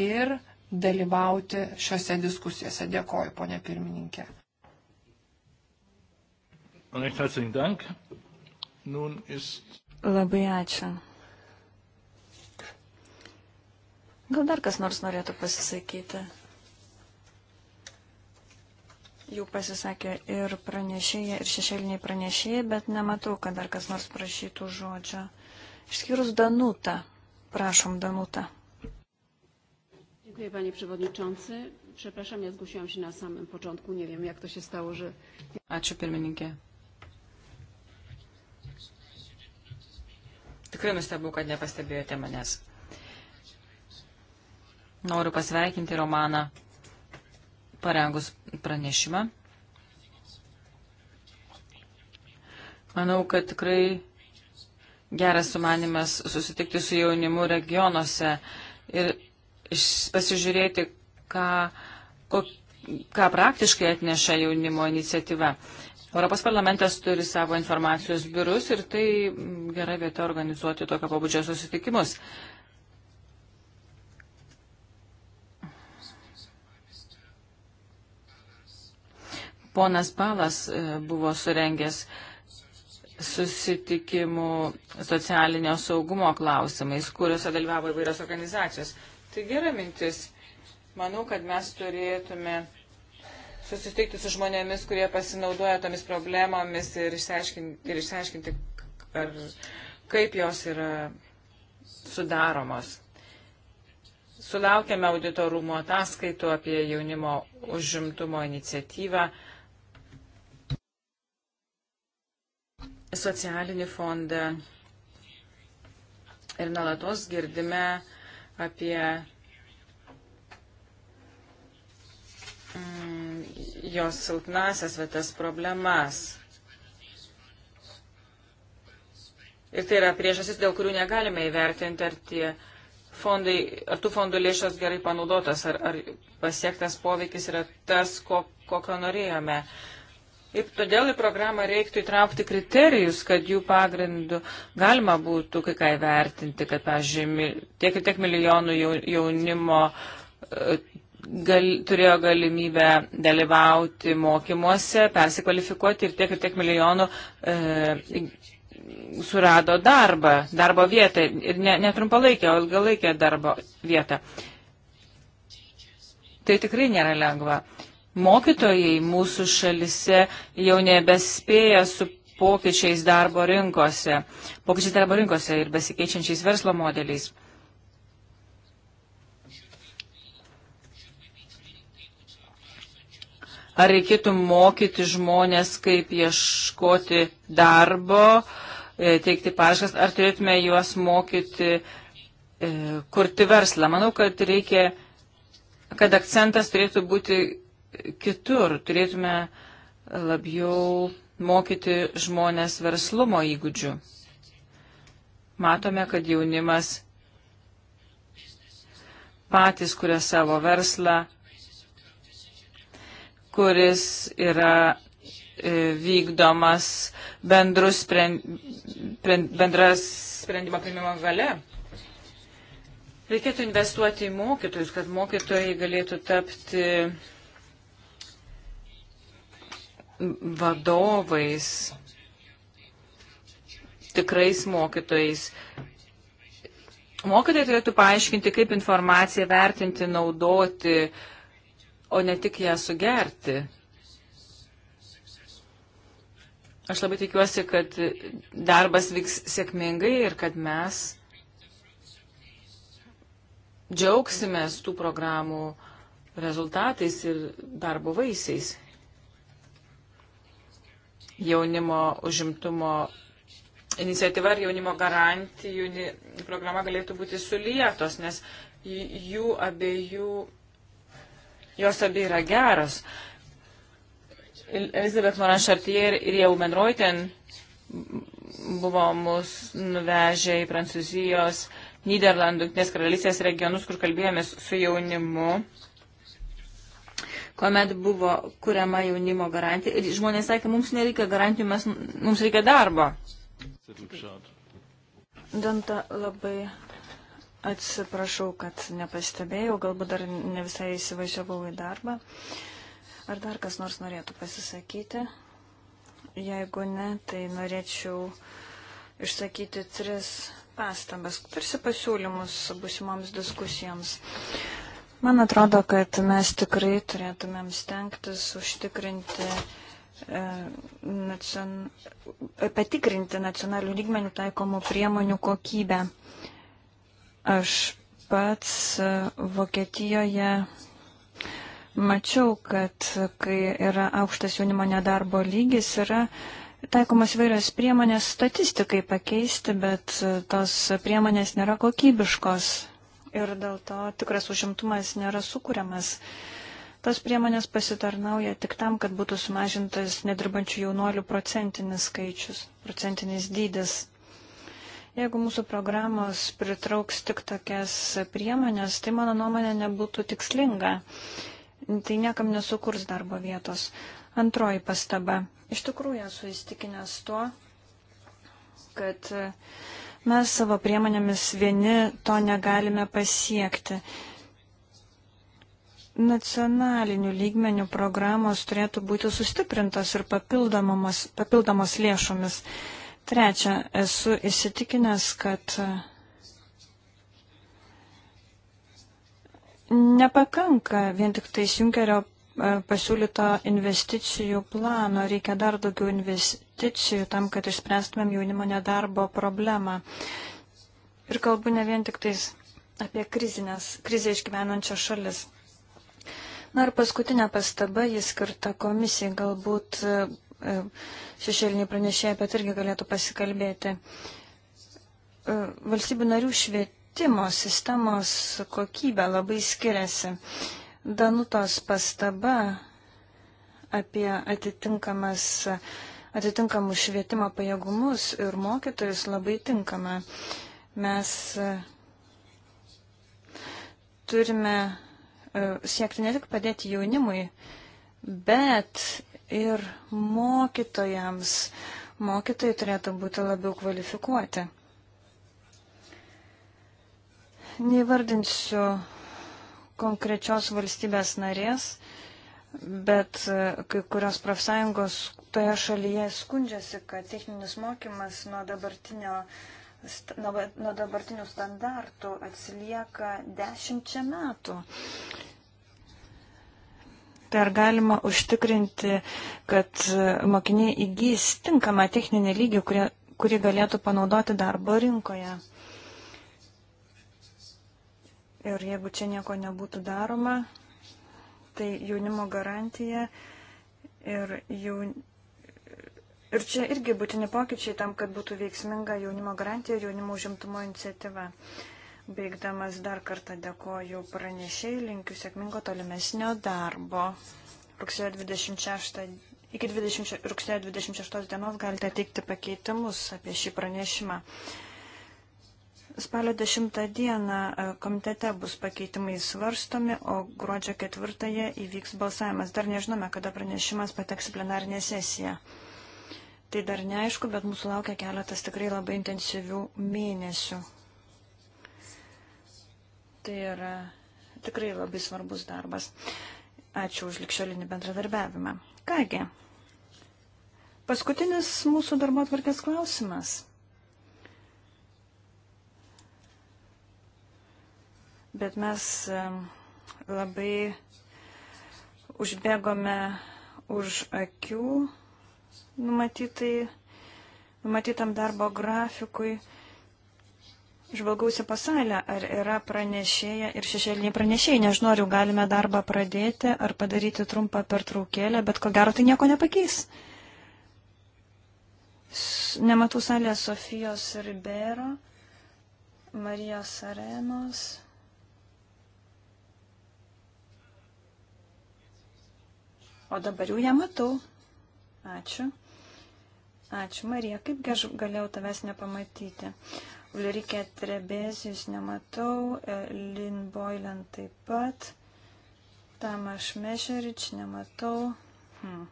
ir dalyvauti šiuose diskusijose. Dėkoju, ponė pirmininkė. Labai ačiū. Gal dar kas nors norėtų pasisakyti? Jau pasisakė ir pranešėjai, ir šešėliniai pranešėjai, bet nematau, kad dar kas nors prašytų žodžio. Išskyrus Danutą. Prašom, Danutą. Dziękuję panie przewodniczący. Przepraszam, ja zgłosiłam się na samym początku. Nie wiem, jak to się stało, że... Ačiū pirmininkė. Tikrai nustebau, kad nepastebėjote manęs. Noriu pasveikinti Romaną parengus pranešimą. Manau, kad tikrai geras sumanimas susitikti su jaunimu regionuose ir pasižiūrėti, ką, ko, ką praktiškai atneša jaunimo iniciatyva. Europos parlamentas turi savo informacijos biurus ir tai mm, gera vieta organizuoti tokio pabudžio susitikimus. Ponas Palas e, buvo surengęs susitikimų socialinio saugumo klausimais, kuriuose dalyvavo įvairios organizacijos tai gera mintis. Manau, kad mes turėtume susitikti su žmonėmis, kurie pasinaudoja tomis problemomis ir išsiaiškinti, ir išsiaiškinti ar, kaip jos yra sudaromos. Sulaukėme auditorumo ataskaitų apie jaunimo užimtumo iniciatyvą, socialinį fondą ir nalatos girdime apie mm, jos silpnasias vietas problemas. Ir tai yra priežasis, dėl kurių negalime įvertinti, ar tie fondai, ar tų fondų lėšos gerai panaudotas, ar, ar pasiektas poveikis yra tas, ko, kokio norėjome. Uh, Ir todėl į programą reiktų įtraukti kriterijus, kad jų pagrindų galima būtų kai ką įvertinti, kad, pavyzdžiui, tiek ir tiek milijonų jaunimo e, gal, turėjo galimybę dalyvauti mokymuose, persikvalifikuoti ir tiek ir tiek milijonų e, surado darbą, darbo vietą ir ne, netrumpalaikę, o ilgalaikę darbo vietą. Tai tikrai nėra lengva. E, mokytojai mūsų šalise jau nebespėja su pokyčiais darbo rinkose, pokyčiais darbo rinkose ir besikeičiančiais verslo modeliais. Ar reikėtų mokyti žmonės, kaip ieškoti darbo, e, teikti paraškas, ar turėtume juos mokyti e, kurti verslą? Manau, kad reikia, kad akcentas turėtų būti kitur. Turėtume labiau mokyti žmonės verslumo įgūdžių. Matome, kad jaunimas patys kuria savo verslą, kuris yra e, vykdomas bendrus sprend, bendras sprendimo priimimo gale. Reikėtų investuoti į mokytojus, kad mokytojai galėtų tapti vadovais, tikrais mokytojais. Mokytojai turėtų paaiškinti, kaip informaciją vertinti, naudoti, o ne tik ją sugerti. Aš labai tikiuosi, kad darbas vyks sėkmingai ir kad mes džiaugsimės tų programų rezultatais ir darbo vaisiais jaunimo užimtumo iniciatyva ir jaunimo garantijų programa galėtų būti sulietos, nes jų abiejų, jos abi yra geros. Elizabeth Moran Chartier ir jau Menroiten buvo mus nuvežę į Prancūzijos, Niderlandų, Junktinės karalystės regionus, kur kalbėjomės su jaunimu kuomet buvo kuriama jaunimo garantija. Ir žmonės sakė, mums nereikia garantijų, mes, mums reikia darbo. Danta, labai atsiprašau, kad nepastebėjau, galbūt dar ne visai įsivažiavau į darbą. Ar dar kas nors norėtų pasisakyti? Jeigu ne, tai norėčiau išsakyti tris pastabas, tarsi pasiūlymus busimoms diskusijoms. Man atrodo, kad mes tikrai turėtumėm stengtis užtikrinti e, nacion... patikrinti nacionalių lygmenių taikomų priemonių kokybę. Aš pats e, Vokietijoje mačiau, kad kai yra aukštas jaunimo nedarbo lygis, yra taikomas vairios priemonės statistikai pakeisti, bet e, tos priemonės nėra kokybiškos ir dėl to tikras užimtumas nėra sukūriamas. Tas priemonės pasitarnauja tik tam, kad būtų sumažintas nedirbančių jaunuolių procentinis skaičius, procentinis dydis. Jeigu mūsų programos pritrauks tik tokias priemonės, tai mano nuomonė nebūtų tikslinga. Tai niekam nesukurs darbo vietos. Antroji pastaba. Iš tikrųjų esu įstikinęs tuo, kad mes savo priemonėmis vieni to negalime pasiekti. Nacionalinių lygmenių programos turėtų būti sustiprintos ir papildomos, papildomos lėšomis. Trečia, esu įsitikinęs, kad nepakanka vien tik tais Junkerio E, pasiūlyto investicijų plano. Reikia dar daugiau investicijų tam, kad išspręstumėm jaunimo nedarbo problemą. Ir kalbu ne vien tik tais apie krizinės, krizę išgyvenančią šalis. Na ir paskutinė pastaba, jis skirta komisijai, galbūt e, e, šešėliniai pranešėjai apie tai irgi galėtų pasikalbėti. Valstybių narių švietimo sistemos kokybė labai skiriasi. Danutos pastaba apie atitinkamas atitinkamus švietimo pajėgumus ir mokytojus labai tinkama. Mes e, turime e, siekti ne tik padėti jaunimui, bet ir mokytojams. Mokytojai turėtų būti labiau kvalifikuoti. Neįvardinsiu konkrečios valstybės narės, bet e, kai kurios profsąjungos toje šalyje skundžiasi, kad techninis mokymas nuo dabartinio nuo dabartinių standartų atsilieka dešimčia metų. Tai ar galima užtikrinti, kad e, mokiniai įgys tinkamą techninį lygį, kurį, kurį galėtų panaudoti darbo rinkoje? Ir jeigu čia nieko nebūtų daroma, tai jaunimo garantija ir, jaun... ir čia irgi būtini pokyčiai tam, kad būtų veiksminga jaunimo garantija ir jaunimo užimtumo iniciatyva. Baigdamas dar kartą dėkoju pranešiai, linkiu sėkmingo tolimesnio darbo. Rugsėjo 26, iki 20, rugsėjo 26 dienos galite teikti pakeitimus apie šį pranešimą. Spalio 10 dieną e, komitete bus pakeitimai svarstomi, o gruodžio 4 įvyks balsavimas. Dar nežinome, kada pranešimas pateks į plenarinę sesiją. Tai dar neaišku, bet mūsų laukia keletas tikrai labai intensyvių mėnesių. Tai yra tikrai labai svarbus darbas. Ačiū už likščiolinį bendradarbiavimą. Kągi, paskutinis mūsų darbo atvarkės klausimas. bet mes labai užbėgome už akių numatytai, numatytam darbo grafikui. Žvalgausi pasalę, ar yra pranešėja ir šešėliniai pranešėjai. Nežinau, ar jau galime darbą pradėti ar padaryti trumpą pertraukėlę, bet ko gero tai nieko nepakeis. Nematau salėje Sofijos Ribero, Marijos Arenos. O dabar jau ją matau. Ačiū. Ačiū, Marija. Kaip aš galėjau tavęs nepamatyti? Ulrike Trebezijus nematau, e, Lin Boylan taip pat, Tamaš Mešerič nematau. Hmm.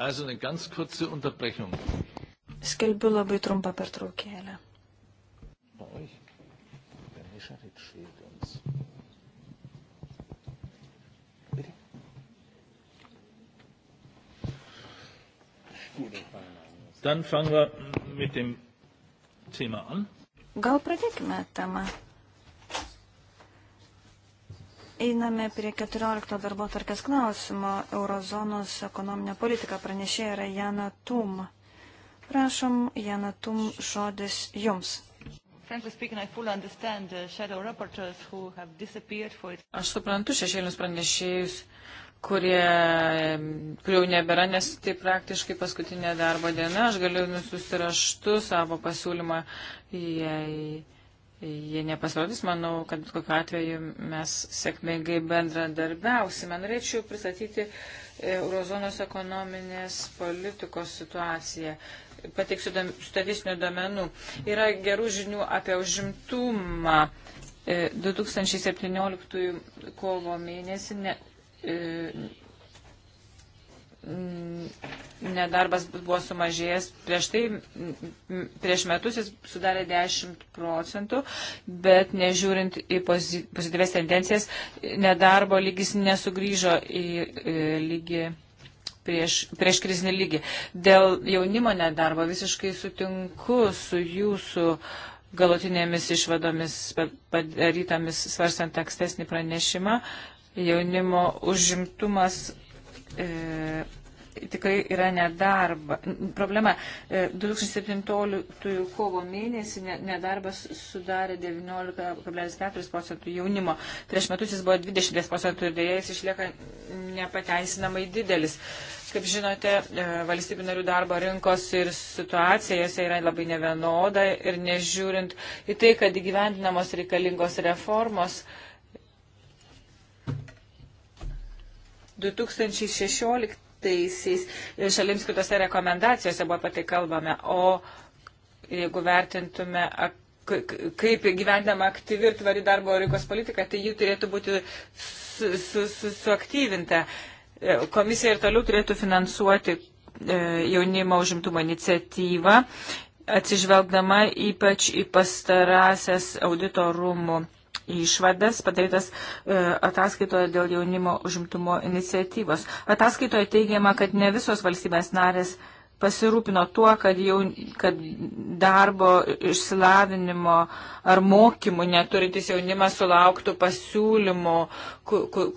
Also eine ganz kurze Unterbrechung. Skelbiu labai trumpą pertraukėlę. Bei euch, der Mescharit fehlt uns. Bitte? Gut. Dann fangen wir mit dem Thema an. Gal pradėkime temą. Einame prie 14 darbo tarkės klausimo. Eurozonos ekonominė politika pranešė yra Jana Tum. Prašom, Jana Tum, žodis jums. Aš suprantu šešėlinius pranešėjus, kurie, kurių nebėra, nes tai praktiškai paskutinė darbo diena. Aš galiu nusiųsti raštu savo pasiūlymą, jei. Jai jie nepasirodys, manau, kad bet kokiu atveju mes sėkmingai bendradarbiausime. Norėčiau pristatyti e, Eurozonos ekonominės politikos situaciją. Pateiksiu statistinių domenų. Yra gerų žinių apie užimtumą. 2017 e, kovo mėnesį ne, e, Mm, nedarbas buvo sumažėjęs. Prieš tai, mm, prieš metus jis sudarė 10 procentų, bet nežiūrint į pozityves tendencijas, nedarbo lygis nesugrįžo į lygį. Prieš, prieš krizinį lygį. Dėl jaunimo nedarbo visiškai sutinku su jūsų galutinėmis išvadomis padarytomis svarstant ankstesnį pranešimą. Jaunimo užimtumas e, tikrai yra nedarba. Problema, 2017 e, kovo mėnesį nedarbas sudarė 19,4 procentų jaunimo. Prieš metus jis buvo 20 procentų ir dėja jis išlieka nepateisinamai didelis. Kaip žinote, e, valstybių narių darbo rinkos ir situacijose yra labai nevienoda ir nežiūrint į tai, kad įgyvendinamos reikalingos reformos, 2016-aisiais šalims kitose rekomendacijose buvo apie tai kalbame, o jeigu vertintume kaip gyvendama aktyvi ir tvari darbo rinkos politika, tai ji turėtų būti su, su, su, suaktyvinta. Komisija ir toliau turėtų finansuoti e, jaunimo užimtumo iniciatyvą, atsižvelgdama ypač į pastarąsias auditorumų rūmų išvadas padarytas e, ataskaitoje dėl jaunimo užimtumo iniciatyvos. Ataskaitoje teigiama, kad ne visos valstybės narės pasirūpino tuo, kad, jau, kad darbo išsilavinimo ar mokymų neturintis jaunimas sulauktų pasiūlymų, ku, ku,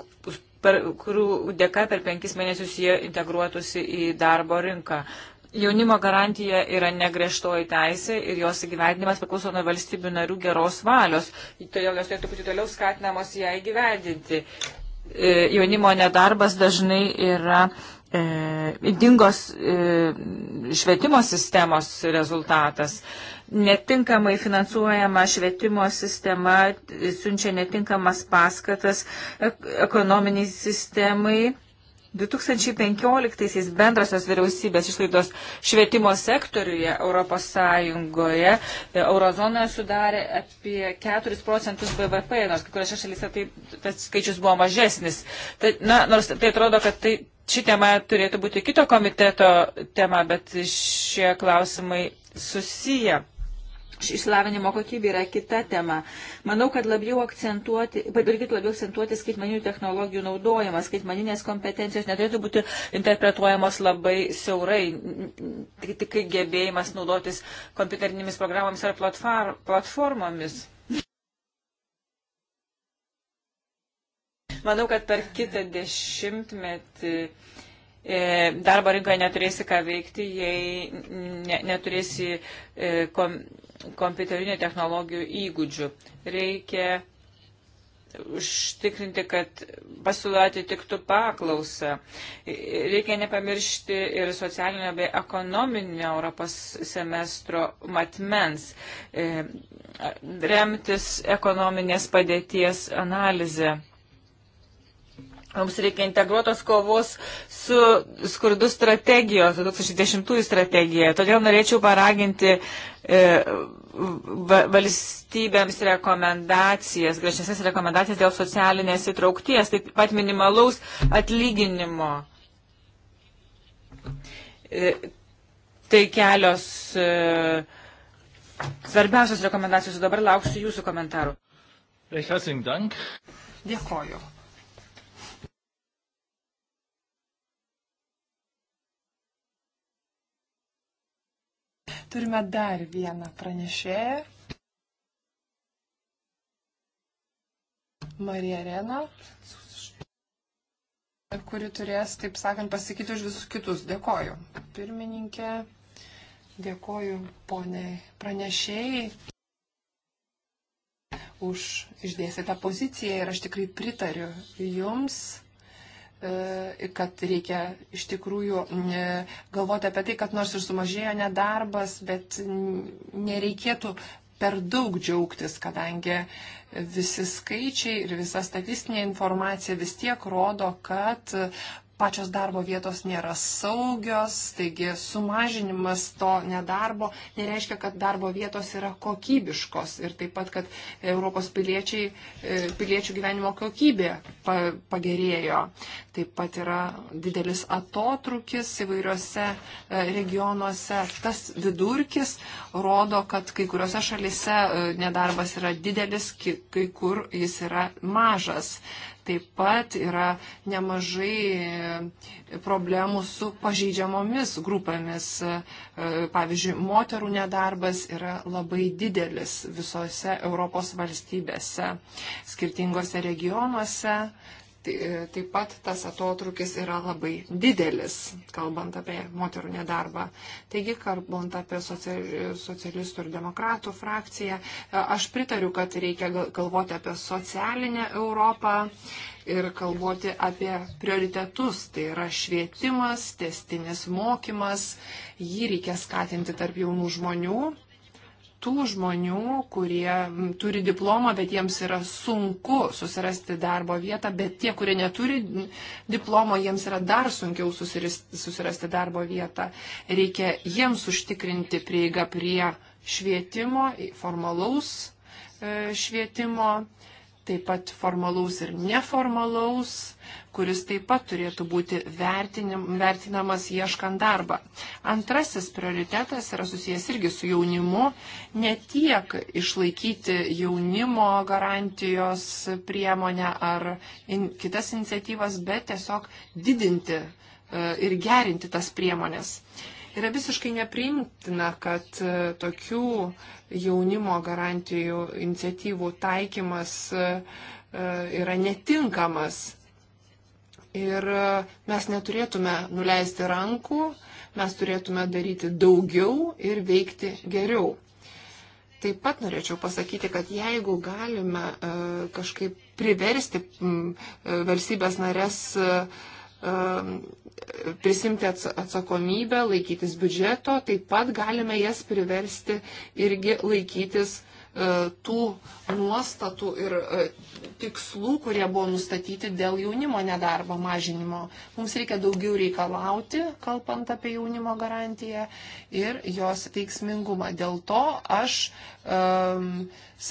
per, kurių dėka per penkis mėnesius jie integruotųsi į darbo rinką. Jaunimo garantija yra negriežtoji teisė ir jos įgyvendinimas priklauso nuo valstybių narių geros valios, todėl jos turėtų būti toliau skatinamos ją įgyvendinti. E, jaunimo nedarbas dažnai yra įdingos e, e, švietimo sistemos rezultatas. Netinkamai finansuojama švietimo sistema siunčia netinkamas paskatas ekonominiai sistemai 2015-aisiais bendrosios vyriausybės išlaidos švietimo sektoriuje Europos Sąjungoje, e, eurozonoje sudarė apie 4 procentus BVP, nors kai kuriuose šalyse tai, tas skaičius buvo mažesnis. Tai, na, nors tai atrodo, kad tai, ši tema turėtų būti kito komiteto tema, bet šie klausimai susiję išsilavinimo kokybė yra kita tema. Manau, kad labiau akcentuoti, reikėtų labiau akcentuoti skaitmaninių technologijų naudojimą. Skaitmaninės kompetencijos neturėtų būti interpretuojamos labai siaurai, tik, tik gebėjimas naudotis kompiuterinėmis programomis ar platfar, platformomis. Manau, kad per kitą dešimtmetį e, darbo rinkoje neturėsi ką veikti, jei neturėsi e, kom, kompiuterinių technologijų įgūdžių. Reikia užtikrinti, kad pasiūla atitiktų paklausą. Reikia nepamiršti ir socialinio bei ekonominio Europos semestro matmens, e, remtis ekonominės padėties analizę. Mums reikia integruotos kovos su skurdu strategijos, 2010 strategija. Todėl norėčiau paraginti e, valstybėms rekomendacijas, grešnesnės rekomendacijas dėl socialinės įtraukties, taip pat minimalaus atlyginimo. E, tai kelios e, svarbiausios rekomendacijos. Dabar lauksiu jūsų komentarų. Dėkoju. Turime dar vieną pranešėją. Marija Rena, kuri turės, taip sakant, pasakyti už visus kitus. Dėkoju. Pirmininkė, dėkoju poniai pranešėjai už išdėsėtą poziciją ir aš tikrai pritariu jums E, kad reikia iš tikrųjų e, galvoti apie tai, kad nors ir sumažėjo nedarbas, bet nereikėtų per daug džiaugtis, kadangi visi skaičiai ir visa statistinė informacija vis tiek rodo, kad pačios darbo vietos nėra saugios, taigi sumažinimas to nedarbo nereiškia, kad darbo vietos yra kokybiškos ir taip pat, kad Europos piliečiai, e, piliečių gyvenimo kokybė pagerėjo. Taip pat yra didelis atotrukis įvairiuose e, regionuose. Tas vidurkis rodo, kad kai kuriuose šalise e, nedarbas yra didelis, kai kur jis yra mažas. Taip pat yra nemažai e, problemų su pažeidžiamomis grupėmis. E, pavyzdžiui, moterų nedarbas yra labai didelis visose Europos valstybėse, skirtingose regionuose. E, taip pat tas atotrukis yra labai didelis, kalbant apie moterų nedarbą. Taigi, kalbant apie socialistų ir demokratų frakciją, e, aš pritariu, kad reikia galvoti apie socialinę Europą ir kalboti apie prioritetus. Tai yra švietimas, testinis mokymas, jį reikia skatinti tarp jaunų žmonių tų žmonių, kurie turi diplomą, bet jiems yra sunku susirasti darbo vietą, bet tie, kurie neturi diplomo, jiems yra dar sunkiau susirasti darbo vietą. Reikia jiems užtikrinti prieigą prie švietimo, formalaus e, švietimo, taip pat formalaus ir neformalaus, kuris taip pat turėtų būti vertinim, vertinamas ieškant darbą. Antrasis prioritetas yra susijęs irgi su jaunimu, ne tiek išlaikyti jaunimo garantijos priemonę ar in, kitas iniciatyvas, bet tiesiog didinti e, ir gerinti tas priemonės. E, Yra visiškai nepriimtina, kad e, tokių jaunimo garantijų iniciatyvų taikymas e, yra netinkamas. Ir e, mes neturėtume nuleisti rankų, mes turėtume daryti daugiau ir veikti geriau. Taip pat norėčiau pasakyti, kad jeigu galime kažkaip priversti valstybės narės Um, prisimti atsakomybę, laikytis biudžeto, taip pat galime jas priversti irgi laikytis e, tų nuostatų ir e, tikslų, kurie buvo nustatyti dėl jaunimo nedarbo mažinimo. Mums reikia daugiau reikalauti, kalbant apie jaunimo garantiją ir jos veiksmingumą. Dėl to aš um,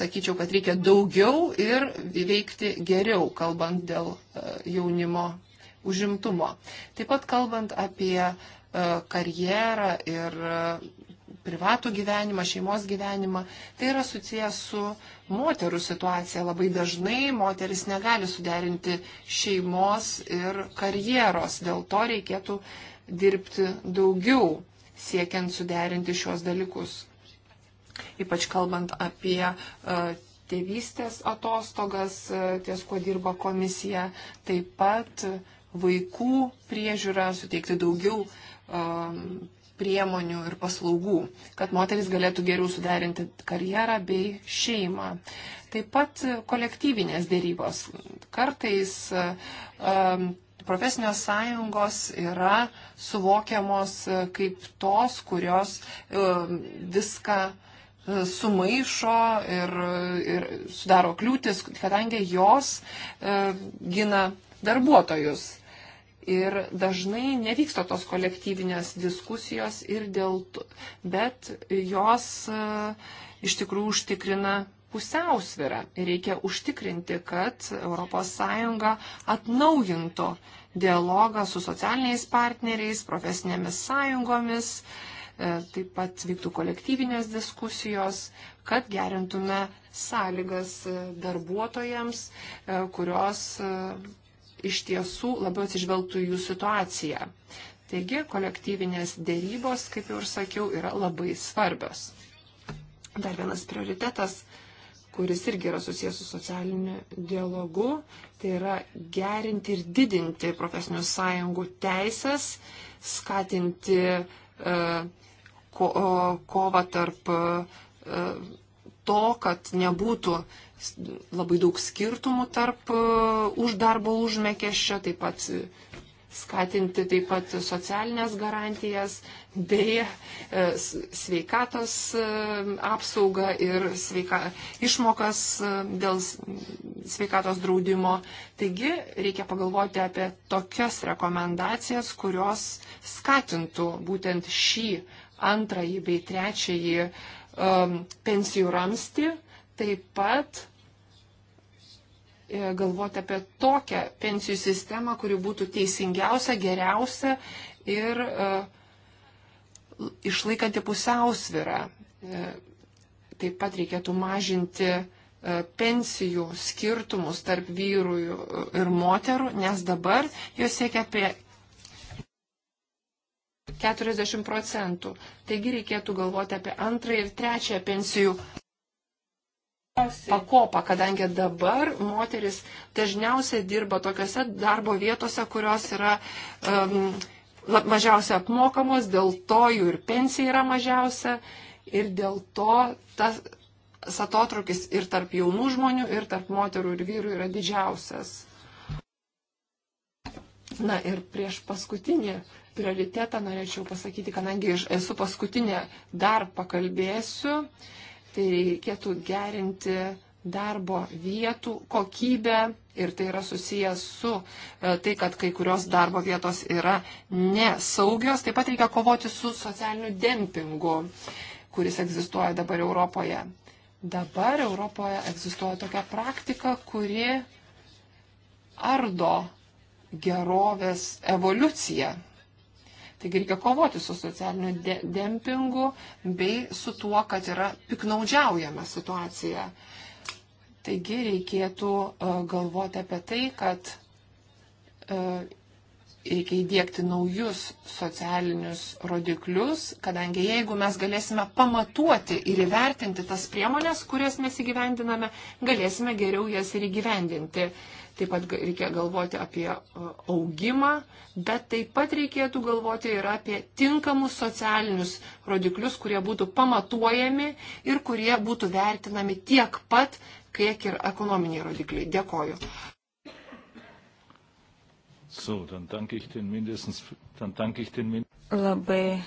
sakyčiau, kad reikia daugiau ir veikti geriau, kalbant dėl uh, jaunimo užimtumo. Taip pat kalbant apie e, karjerą ir e, privatų gyvenimą, šeimos gyvenimą, tai yra susijęs su moterų situacija. Labai dažnai moteris negali suderinti šeimos ir karjeros, dėl to reikėtų dirbti daugiau siekiant suderinti šios dalykus. Ypač kalbant apie e, tėvystės ties atostogas, ties kuo dirba komisija, taip pat vaikų priežiūrą, suteikti daugiau um, priemonių ir paslaugų, kad moteris galėtų geriau suderinti karjerą bei šeimą. Taip pat kolektyvinės dėrybos. Kartais um, profesinės sąjungos yra suvokiamos uh, kaip tos, kurios um, viską uh, sumaišo ir, ir sudaro kliūtis, kadangi jos uh, gina darbuotojus. Ir dažnai nevyksta tos kolektyvinės diskusijos ir dėl to, bet jos e, iš tikrųjų užtikrina pusiausvirą. Reikia užtikrinti, kad ES atnaujintų dialogą su socialiniais partneriais, profesinėmis sąjungomis, e, taip pat vyktų kolektyvinės diskusijos, kad gerintume sąlygas e, darbuotojams, kurios iš tiesų labiau atsižvelgtų jų situaciją. Taigi kolektyvinės dėrybos, kaip jau ir sakiau, yra labai svarbios. Dar vienas prioritetas, kuris irgi yra susijęs su socialiniu dialogu, tai yra gerinti ir didinti profesinių sąjungų teisės, skatinti uh, ko, uh, kovą tarp uh, to, kad nebūtų labai daug skirtumų tarp e, už darbo užmėkesčio, taip pat skatinti taip pat socialinės garantijas bei e, sveikatos e, apsaugą ir sveika, išmokas dėl sveikatos draudimo. Taigi reikia pagalvoti apie tokias rekomendacijas, kurios skatintų būtent šį antrąjį bei trečiąjį uh, Um, pensijų ramstį, taip pat e, galvoti apie tokią pensijų sistemą, kuri būtų teisingiausia, geriausia ir e, išlaikanti pusiausvirą. E, taip pat reikėtų mažinti pensijų skirtumus tarp vyrų ir moterų, nes dabar jos siekia apie 40 procentų. Taigi reikėtų galvoti apie antrąją ir trečią pensijų pakopą, kadangi dabar moteris dažniausiai dirba tokiuose darbo vietose, kurios yra um, mažiausiai apmokamos, dėl to jų ir pensija yra mažiausia ir dėl to tas atotrukis ir tarp jaunų žmonių, ir tarp moterų ir vyrų yra didžiausias. Na ir prieš paskutinį prioritetą norėčiau pasakyti, kadangi esu paskutinė, dar pakalbėsiu, tai reikėtų gerinti darbo vietų kokybę ir tai yra susijęs su e, tai, kad kai kurios darbo vietos yra nesaugios. Taip pat reikia kovoti su socialiniu dempingu, kuris egzistuoja dabar Europoje. Dabar Europoje egzistuoja tokia praktika, kuri ardo gerovės evoliuciją Taigi reikia kovoti su socialiniu de dempingu bei su tuo, kad yra piknaudžiaujama situacija. Taigi reikėtų uh, galvoti apie tai, kad uh, reikia įdėkti naujus socialinius rodiklius, kadangi jeigu mes galėsime pamatuoti ir įvertinti tas priemonės, kurias mes įgyvendiname, galėsime geriau jas ir įgyvendinti. Uh, Taip pat reikia galvoti apie e, augimą, bet taip pat reikėtų galvoti ir apie tinkamus socialinius rodiklius, kurie būtų pamatuojami ir kurie būtų vertinami tiek pat, kiek ir ekonominiai rodikliai. Dėkoju. So, dann danke ich den mindestens, dann danke ich den mindestens. Labai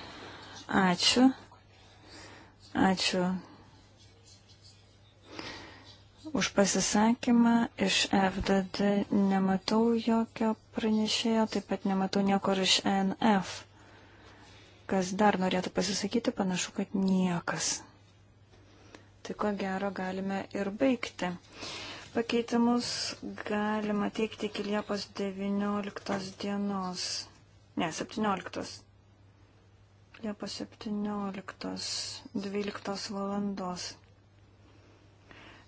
ačiū. Ačiū už pasisakymą. Iš FDD nematau jokio pranešėjo, taip pat nematau niekur iš NF. Kas dar norėtų pasisakyti, panašu, kad niekas. Tai ko gero galime ir baigti. Pakeitimus galima teikti iki Liepos 19 dienos. Ne, 17. Liepos 17, 12 valandos.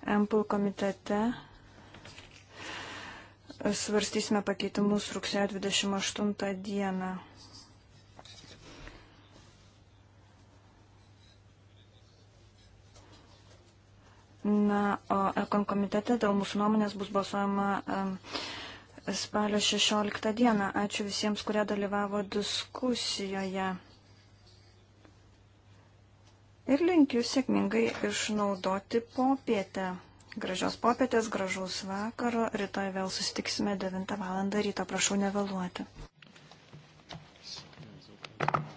MPL komitete svarstysime pakeitimus rugsėjo 28 dieną. Na, o Ekon komitete dėl mūsų nuomonės bus balsuojama um, spalio 16 dieną. Ačiū visiems, kurie dalyvavo diskusijoje ir linkiu sėkmingai išnaudoti popietę. Gražios popietės, gražaus vakaro. Rytoj vėl susitiksime 9 val. ryto. Prašau nevėluoti. Thank you.